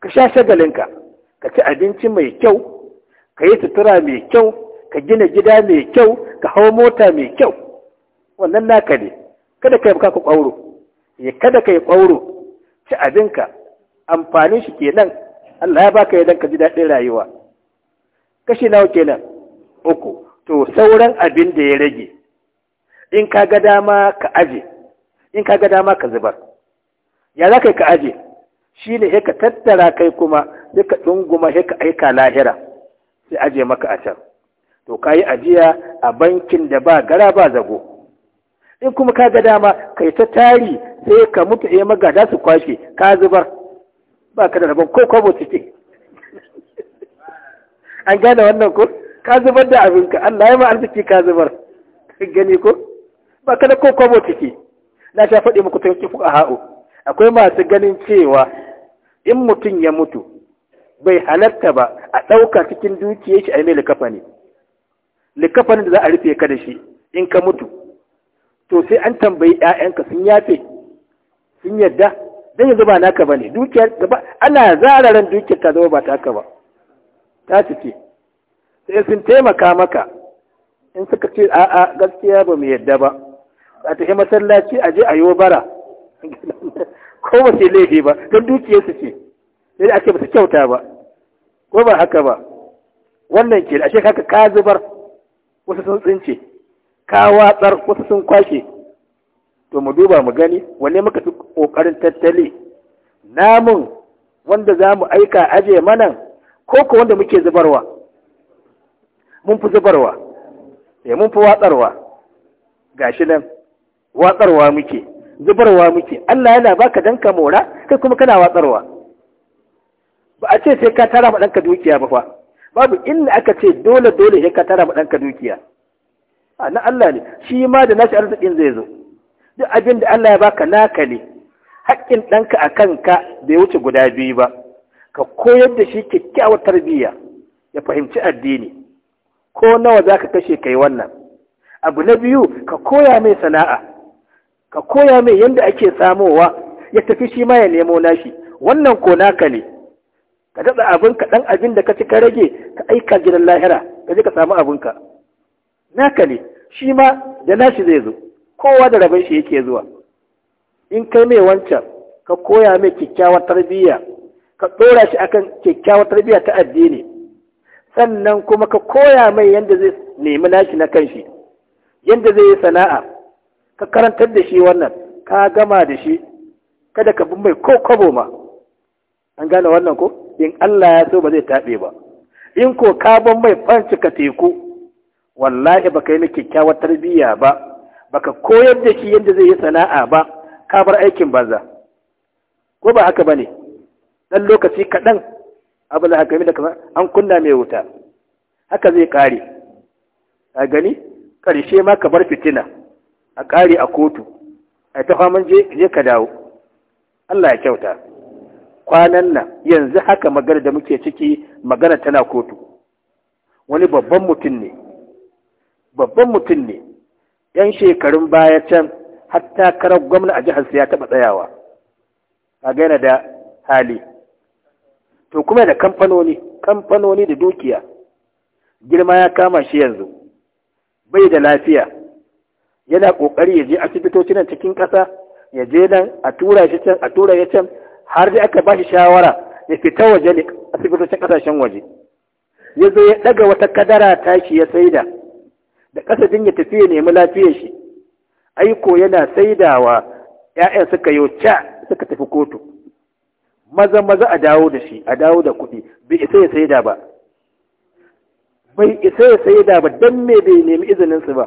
[SPEAKER 1] ka sha shagalinka ka ci abinci mai kyau ka yi sutura mai kyau ka gina gida mai kyau ka hau mota mai kyau wannan naka ne kada kai ka kwauro ya eh, kada kai kwauro ci abinka amfanin shi kenan Allah ya baka yadan ka ji daɗin rayuwa kashi nawa kenan uku to sauran abin da ya rage in ka ga dama ka aje in ka ga dama ka zubar ya za ka aje shi ne ka tattara kai kuma sai ka ɗunguma sai ka aika lahira sai aje maka a can to ka yi ajiya a bankin da ba gara ba zago in kuma ka ga dama kai ta tari sai ka mutu ya eh, da su kwashe ka zubar ba ka da rabon ko kwabo cike an gane wannan ko ka zubar da abinka Allah ya ma arziki ka zubar gani ko ba ka da ko kwabo cike na ta faɗi muku kifu a ha'u akwai masu ganin cewa in mutum ya mutu bai halarta ba a ɗauka cikin dukiyar shi a yi mai likafani likafani da za a rufe ka da shi in ka mutu to sai an tambayi ƴaƴanka sun yafe sun yadda dan yanzu ba naka bane dukiyar gaba ana zararan dukiyar ta zama ba taka ba ta ce sai sun taimaka maka in suka ce a'a gaskiya ba mu yadda ba a tafi masallaci a je a yi bara ko ba sai laifi ba don su ce sai ake ba su kyauta ba ko ba haka ba wannan ke ashe haka ka zubar wasu sun tsince ka watsar wasu sun kwashe to mu duba mu gani wane muka fi ƙoƙarin tattali namun wanda za mu aika ajiye manan, ko ko wanda muke zubarwa mun fi zubarwa ya eh, mun fi watsarwa gashi nan watsarwa muke zubarwa muke Allah yana baka dan ka mora kai kuma kana watsarwa ba a ce sai ka tara ma danka dukiya ba fa babu inda aka ce dole dole sai ka tara ma danka dukiya a na Allah ne shi ma da nashi arzikin zai zo duk abin da Allah ya baka naka ne haƙƙin ɗanka a kanka bai wuce guda biyu ba ka koyar da shi kyakkyawar tarbiyya ya fahimci addini ko nawa za ka kashe kai wannan abu na biyu ka koya mai sana'a ka koya mai yadda ake samowa ya tafi shi ma ya nemo nashi wannan ko naka ne ka daɗa abinka ɗan abin da ka ci ka rage ka aika gidan lahira ka je ka samu abinka naka ne shi ma da nashi zai zo kowa da rabin shi yake zuwa in kai mai wancan ka koya mai kyakkyawar tarbiyya ka ɗora shi akan kyakkyawar tarbiyya ta addini sannan kuma ka koya mai yadda zai nemi nashi na kanshi yadda zai yi sana'a ka karantar da shi wannan ka gama da shi kada ka bi mai ko kwabo ma an gane wannan ko in Allah ya so ba zai taɓe ba in ko ka bi mai fancika teku wallahi baka yi miki kyakkyawar tarbiyya ba baka koyar da shi yadda zai yi sana'a ba ka bar aikin banza ko ba haka bane dan lokaci kaɗan abu da haka da kamar an kunna mai wuta haka zai kare a gani ƙarshe ma ka bar fitina a kare a kotu a ta faman je ka dawo Allah ya kyauta kwanan nan yanzu haka magana da muke ciki magana tana kotu wani babban mutum ne babban mutum ne yan shekarun baya can hatta karar gwamna a jihar ya taɓa tsayawa a gaina da hali to kuma da kamfanoni kamfanoni da dukiya girma ya kama shi yanzu bai da lafiya yana ƙoƙari ya je asibitoci nan cikin ƙasa ya je nan a tura shi can a tura ya can har da aka ba shi shawara ya fita waje ne asibitocin ƙasashen waje ya zo ya ɗaga wata kadara tashi ya saida da kasadin ya tafi ya nemi lafiyar shi aiko yana saidawa ‘ya'yan suka yi ca suka tafi kotu maza maza a dawo da shi a dawo da kuɗi bai isa ya saida ba bai isa ya saida ba don me bai nemi izininsu ba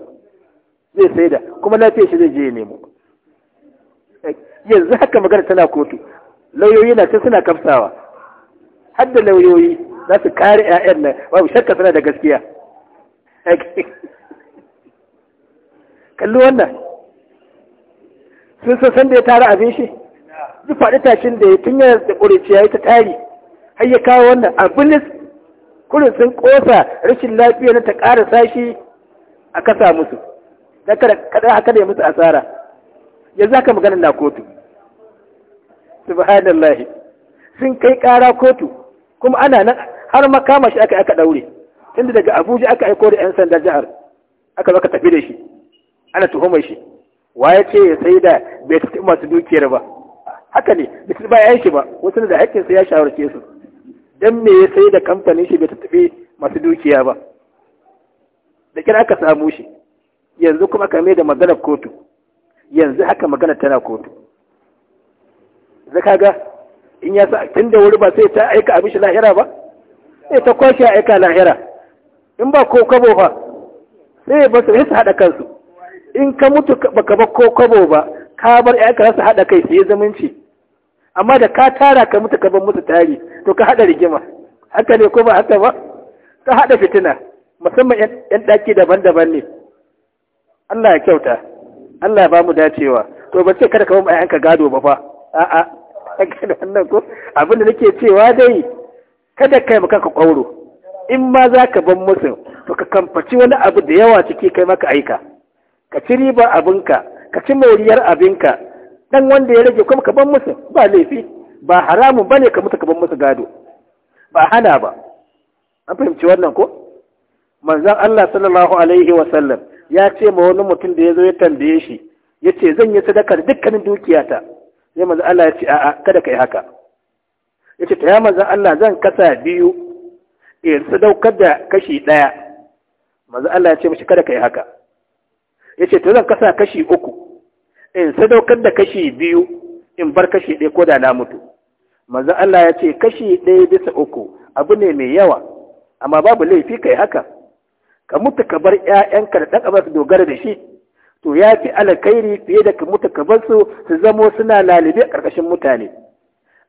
[SPEAKER 1] zai saida kuma lafiyar shi zai je ya nemo yanzu haka magana tana kotu lauyoyi na can suna kafsawa har da lauyoyi za su kare 'ya'yan nan babu shakka suna da gaskiya kalli wannan sun san san da ya tara abin shi duk faɗi tashin da ya tunya da ƙurici ya yi ta tari har ya kawo wannan abulis kurin sun ƙosa rashin lafiya na ta ƙara sashi a kasa musu da kada haka da ya musu asara yanzu aka magana na kotu subhanallah sun kai ƙara kotu kuma ana nan har makama shi aka aka ɗaure tunda daga abuja aka aiko da 'yan sanda jihar aka zaka tafi da shi ana tuhumar shi wa ya ce ya sai da bai tafi masu dukiyar ba haka ne bai tafi ba ya shi ba wasu da haƙƙin sai ya shawarce su dan me ya sai da kamfanin shi bai tafi masu dukiya ba da kira aka samu shi yanzu kuma aka mai da magana kotu yanzu haka magana tana kotu ka ga in ya sa tun da wuri ba sai ta aika abin shi lahira ba sai ta kwashe aika lahira in ba ko kabo ba sai ba su haɗa kansu in ka mutu baka ba ko kwabo ba ka bar ƴaƴanka su haɗa kai su yi zumunci amma da ka tara ka mutu ka bar musu tari to ka haɗa rigima haka ne ko ba haka ba ka haɗa fitina musamman ƴan ɗaki daban-daban ne Allah ya kyauta Allah ya ba mu dacewa to ba ce kada ka bar ƴaƴanka gado ba fa a'a wannan ko abin da nake cewa dai kada kai maka ka kwauro in ma za ka ban musu to ka kamfaci wani abu da yawa ciki kai maka aika ka ci riba abinka ka ci moriyar abinka dan wanda ya rage kuma ka ban musu ba laifi ba haramun bane ka mutu ka musu gado ba hana ba an fahimci wannan ko manzon Allah sallallahu alaihi wa sallam ya ce ma wani mutum da ya zo ya tambaye shi ya ce zan yi sadaka dukkanin dukiyata sai manzon Allah ya ce a'a kada ka yi haka ya ce ta ya manzon Allah zan kasa biyu in sadaukar da kashi ɗaya manzon Allah ya ce mashi kada ka yi haka Ya ce to zan kasa kashi uku in sadaukar da kashi biyu in bar kashi ɗaya ko da na mutu manzo Allah ya ce kashi ɗaya bisa uku abu ne mai yawa amma babu laifi kai haka ka mutu ka bar ƴaƴanka da ɗan abin dogara da shi to ya fi alkhairi fiye da ka mutu ka bar su su zamo suna lalibe a ƙarƙashin mutane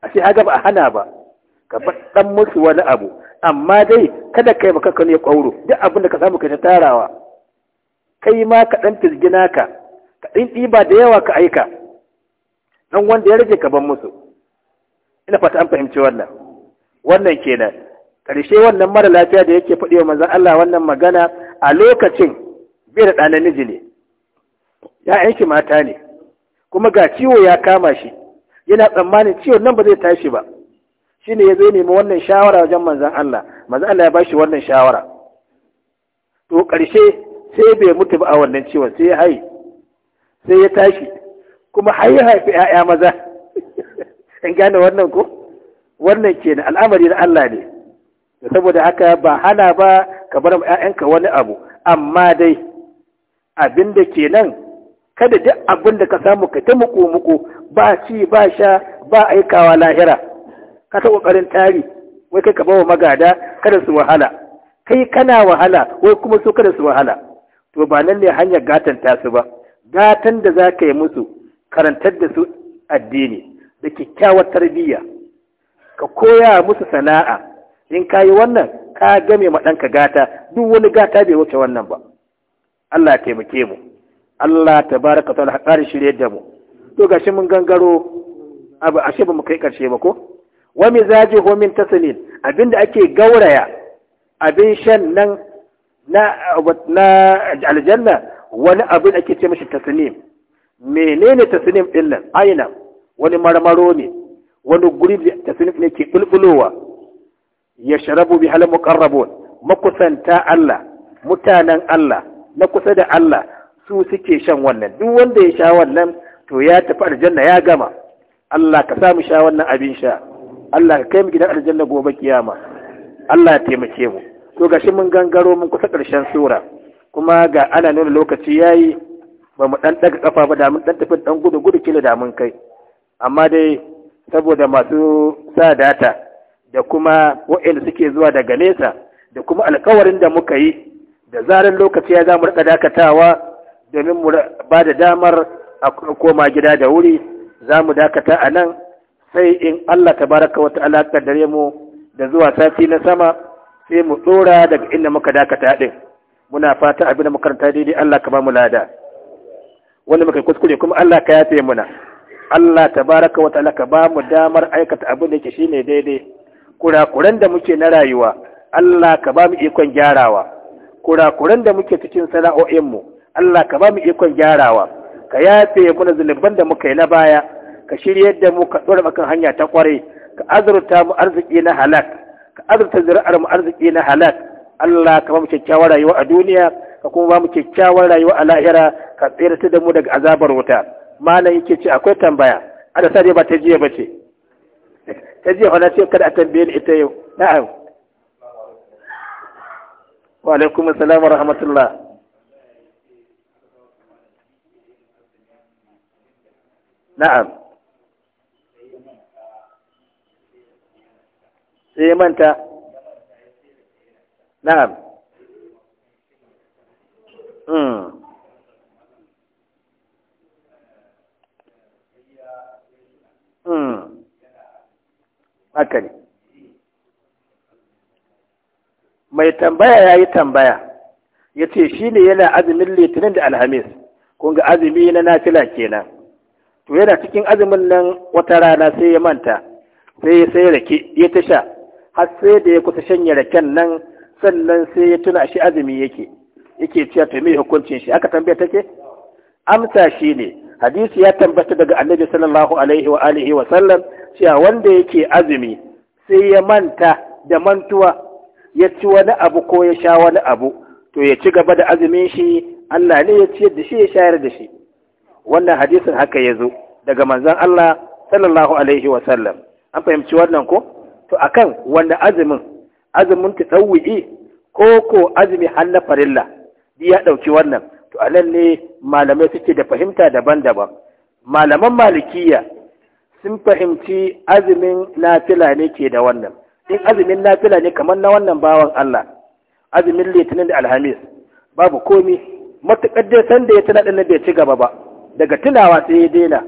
[SPEAKER 1] a sai haga ba a hana ba ka bar ɗan musu wani abu amma dai kada kai ka kan ya ƙwauro duk abin da ka samu kai ta tarawa kai ma ka ɗan fisgina ka ka ɗin ɗiba da yawa ka aika ɗan wanda ya rage ka ban musu ina fata an fahimci wannan wannan kenan ƙarshe wannan mara lafiya da yake faɗi wa manzan Allah wannan magana a lokacin bai da ɗan namiji ne Ya aiki mata ne kuma ga ciwo ya kama shi yana tsammanin ciwon nan ba zai tashi ba shi ne ya zo nemi wannan shawara wajen manzan Allah manzan Allah ya bashi wannan shawara to ƙarshe sai bai mutu ba a wannan ciwon sai ya haye sai ya tashi kuma har ya haifi 'ya'ya maza in gane wannan ko wannan ke kenan al'amari na Allah ne saboda haka ba hana ba ka bar ‘ya'yanka wani abu amma dai abin da ke nan kada duk abin da ka samu ka ta muku-muku ba ci ba sha ba aikawa lahira ka ta kokarin tari wai kai ka bawa magada kada su wahala kai kana wahala wai kuma su kada su wahala to ba lalle hanyar gatan su ba gatan da za ka yi musu karantar da su addini da kyakkyawar tarbiyya ka koya musu sana'a in ka yi wannan ka game ma ɗanka gata duk wani gata bai wuce wannan ba Allah ya taimake mu Allah ta baraka ta alhaƙari shirye da mu to gashi mun gangaro abu ashe ba mu kai ƙarshe ba ko wa mizaji homin tasalin abinda ake gauraya abin shan nan na aljanna wani abin ake ce mashi tasnim menene tasnim din nan aina wani marmaro ne wani guri tasnim ne ke bulbulowa ya sharabu bi hal muqarrabun makusanta Allah mutanen Allah na kusa da Allah su suke shan wannan duk wanda ya sha wannan to ya tafi aljanna ya gama Allah ka sa mu sha wannan abin sha Allah ka kai mu gidan aljanna gobe kiyama Allah ya taimake mu to ga shi mun gangaro mun kusa ƙarshen sura kuma ga ana nuna lokaci yi ba mu ɗan ɗaga ƙafa ba da mun ɗan tafi ɗan gudu gudu kila da mun kai amma dai saboda masu sa data da kuma wa'anda suke zuwa daga nesa da kuma alkawarin da muka yi da zarar lokaci ya za mu riƙa dakatawa domin mu ba da damar a koma gida da wuri za mu dakata a nan sai in Allah ta baraka wata alaƙar dare mu da zuwa sati na sama sai mu tsora daga inda muka dakata din muna fata abin da makaranta daidai Allah ka ba mu lada wanda muka kuskure kuma Allah ka yafe muna Allah tabaraka wa ta'ala ka ba mu damar aikata abin da yake shine daidai kurakuran da muke na rayuwa Allah ka ba mu ikon gyarawa kurakuran da muke cikin sana'o'in mu Allah ka ba mu ikon gyarawa ka yafe muna zunuban da muka yi na baya ka shiryar da mu ka tsora akan hanya ta kwarai ka azurta mu arziki na halak ka azurta zira'ar mu arziki na halak Allah ka ba mu kyakkyawar rayuwa a duniya ka kuma ba mu kyakkyawar rayuwa a lahira ka tsirata da mu daga azabar wuta malam yake ce akwai tambaya ana sa ba ta jiya ba ce ta jiya wani ce kada a tambaye ni ita yau na'am wa alaikum assalam wa rahmatullah na'am sai manta na'am hmm. hmm haka ne mai tambaya ya yi tambaya ya ce shi ne yana azumin litinin da alhamis kun ga azumi na nafila kenan to yana cikin azumin nan wata rana sai ya manta sai ya sai rake ya ta sha har sai da ya kusa shanye raken nan sannan sai ya tuna shi azumi yake yake cewa to me hukuncin shi aka tambaya take amsa shi ne hadisi ya tambata daga annabi sallallahu alaihi wa alihi wa sallam cewa wanda yake azumi sai ya manta da mantuwa ya ci wani abu ko ya sha wani abu to ya ci gaba da azumin shi Allah ne ya ci da shi ya shayar da shi wannan hadisin haka ya zo daga manzon Allah sallallahu alaihi wa sallam an fahimci wannan ko to a kan wanda azumin azumin ta tsawu'i ko ko azumi halla farilla bi ya ɗauki wannan to anan ne malamai suke da fahimta daban-daban malaman malikiya sun fahimci azumin nafila ne ke da wannan in azumin nafila ne kamar na wannan bawan Allah azumin litinin da alhamis babu komi matuƙar dai sanda ya tana ɗin bai ci gaba ba daga tunawa sai ya daina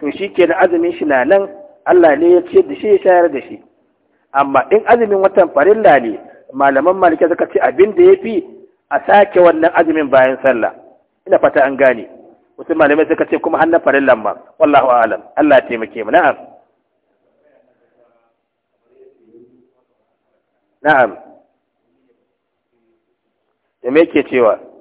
[SPEAKER 1] to shi ke da azumin shi na nan Allah ne ya ce da shi ya shayar da shi amma in azumin watan farilla ne malaman malike suka ce abin da ya fi a sake wannan azumin bayan sallah ina fata an gane wasu malamai suka ce kuma hannun farillan ma wallahu alam Allah ya taimake mu na'am na'am da me ke cewa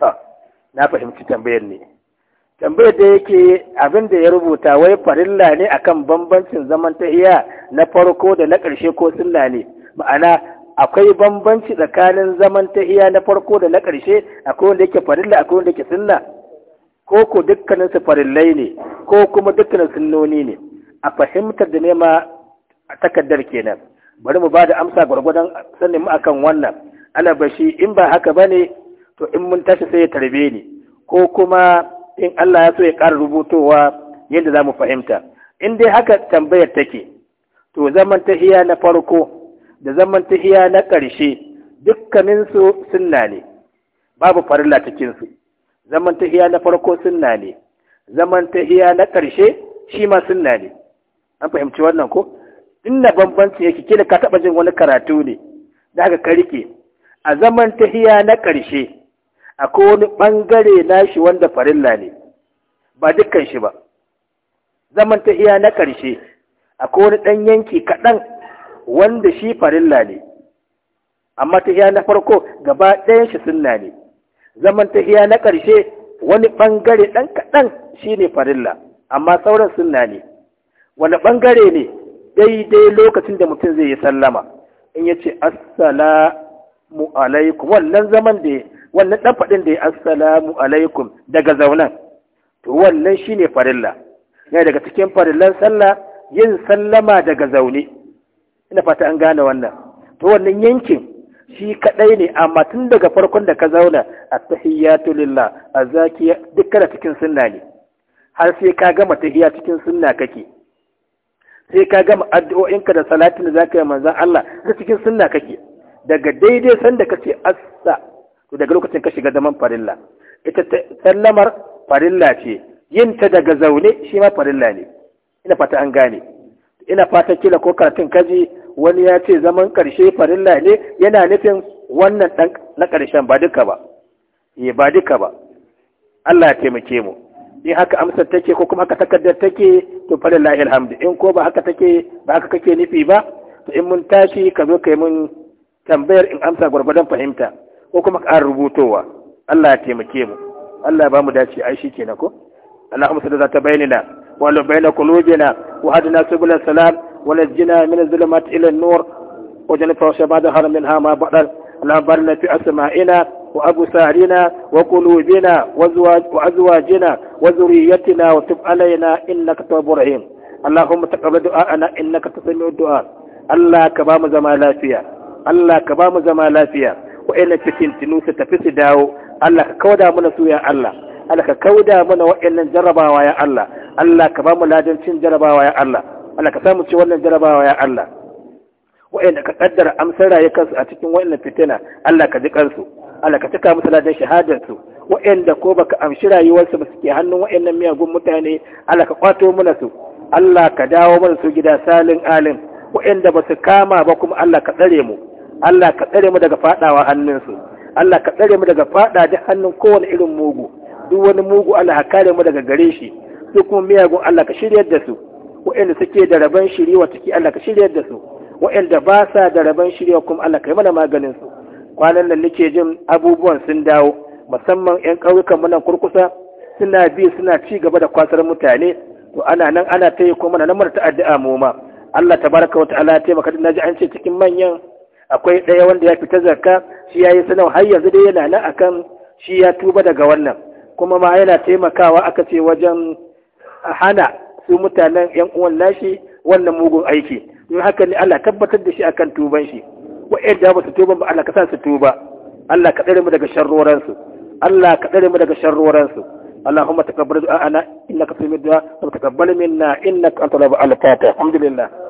[SPEAKER 1] to na fahimci tambayar ne tambayar da yake abin da ya rubuta wai farilla ne akan bambancin zaman tahiya na farko da na ƙarshe ko sunna ne ma'ana akwai bambanci tsakanin zaman tahiya na farko da na ƙarshe akwai wanda yake farilla akwai wanda yake sunna ko ko dukkanin su farillai ne ko kuma dukkanin sunnoni ne a fahimtar da nema a takardar kenan bari mu ba da amsa gwargwadon sanin mu akan wannan alabashi in ba haka bane to in mun tashi sai ya tarbe ni ko kuma in Allah ya so ya ƙara rubutowa yadda za mu fahimta in dai haka tambayar take to zaman tahiya na farko da zaman tahiya na ƙarshe dukkaninsu sunna ne babu farilla su zaman tahiya na farko sunna ne zaman tahiya na ƙarshe shi ma sunna ne an fahimci wannan ko inna bambanci yake kila ka taɓa jin wani karatu ne da aka karike a zaman tahiya na ƙarshe akwai wani ɓangare nashi wanda farilla ne ba dukkan shi ba zaman ta iya na ƙarshe akwai wani ɗan yanki kaɗan wanda shi farilla ne amma ta iya na farko gaba ɗayan shi sunna ne zaman ta iya na ƙarshe wani ɓangare ɗan kaɗan shi ne farilla amma sauran sunna ne wani ɓangare ne daidai lokacin da mutum zai yi sallama in ya ce assalamu alaikum wannan zaman da wannan dan faɗin da ya assalamu alaikum daga zaunan to wannan shine farilla yana daga cikin farillan sallah yin sallama daga zaune ina fata an gane wannan to wannan yankin shi kadai ne amma tun daga farkon da ka zauna a tahiyatu lillah azakiya dukkan cikin sunna ne har sai ka gama tahiya cikin sunna kake sai ka gama addu'o'inka da salatin da zaka yi manzon Allah da cikin sunna kake daga daidai sanda kace assa to daga lokacin ka shiga zaman farilla ita sallamar farilla ce yin ta daga zaune shi ma farilla ne ina fata an gane ina fata kila ko karatun kaji wani ya ce zaman karshe farilla ne yana nufin wannan dan na karshen ba duka ba ye eh, ba duka ba Allah ya taimake mu in haka amsar take ko kuma haka takaddar take to farilla alhamdu in ko ba haka take ba haka kake nufi ba to in mun tashi ka zo kai mun tambayar in amsa gwargwadon fahimta ko kuma ƙara rubutowa Allah ya taimake mu Allah ba mu dace ai shikenan ko Allahumma sadda ta bayyana wa bayyana qulubina wa hadina subul salam wa najjina min az-zulumat ila an-nur wa janna shabada minha ma badal la barna fi asma'ina وأبصارنا وقلوبنا wa وأزواجنا وذريتنا وتب علينا إنك تواب رحيم اللهم تقبل دعاءنا إنك تسمع الدعاء الله كبام زما لافيا الله كبام زما لافيا cikin fitintinu su tafi su dawo Allah ka kauda mana su ya Allah Allah ka kauda mana wa'annan jarabawa ya Allah Allah ka ba mu ladancin jarabawa ya Allah Allah ka samu ci wannan jarabawa ya Allah wa'anda ka kaddara amsar su a cikin wa'annan fitina Allah ka ji kansu Allah ka cika musu ladan shahadarsu wa'anda ko baka amshi rayuwarsu ba suke hannun wa'annan miyagun mutane Allah ka kwato mana su Allah ka dawo mana su gida salin alim wa'anda ba su kama ba kuma Allah ka tsare mu Allah ka tsare mu daga fadawa hannunsu Allah ka tsare mu daga fada da hannun kowane irin mugu duk wani mugu Allah ka kare mu daga gare shi duk kuma miyagun Allah ka shiryar da su wa'anda suke da rabon shiriwa ciki Allah ka shiryar da su wa'anda ba sa da rabon shiriwa kuma Allah ka yi mana maganin su kwanan nan nake jin abubuwan sun dawo musamman yan ƙauyukan mu nan kurkusa suna bi suna ci gaba da kwasar mutane to ana nan ana ta yi kuma na nan mara ta a mu ma Allah tabaraka wa ta'ala ya taimaka na ji an ce cikin manyan akwai ɗaya wanda ya fita zakka shi ya yi sanau har yanzu dai yana nan akan shi ya tuba daga wannan kuma ma yana taimakawa aka ce wajen hana su mutanen yan uwan nashi wannan mugun aiki don haka ne Allah tabbatar da shi akan tuban shi yadda ba su tuba ba Allah ka sa su tuba Allah ka tsare mu daga sharroran su Allah ka tsare mu daga sharroran su Allahumma تقبل دعاءنا انك سميع الدعاء وتقبل منا انك انت الوهاب الفاتح الحمد لله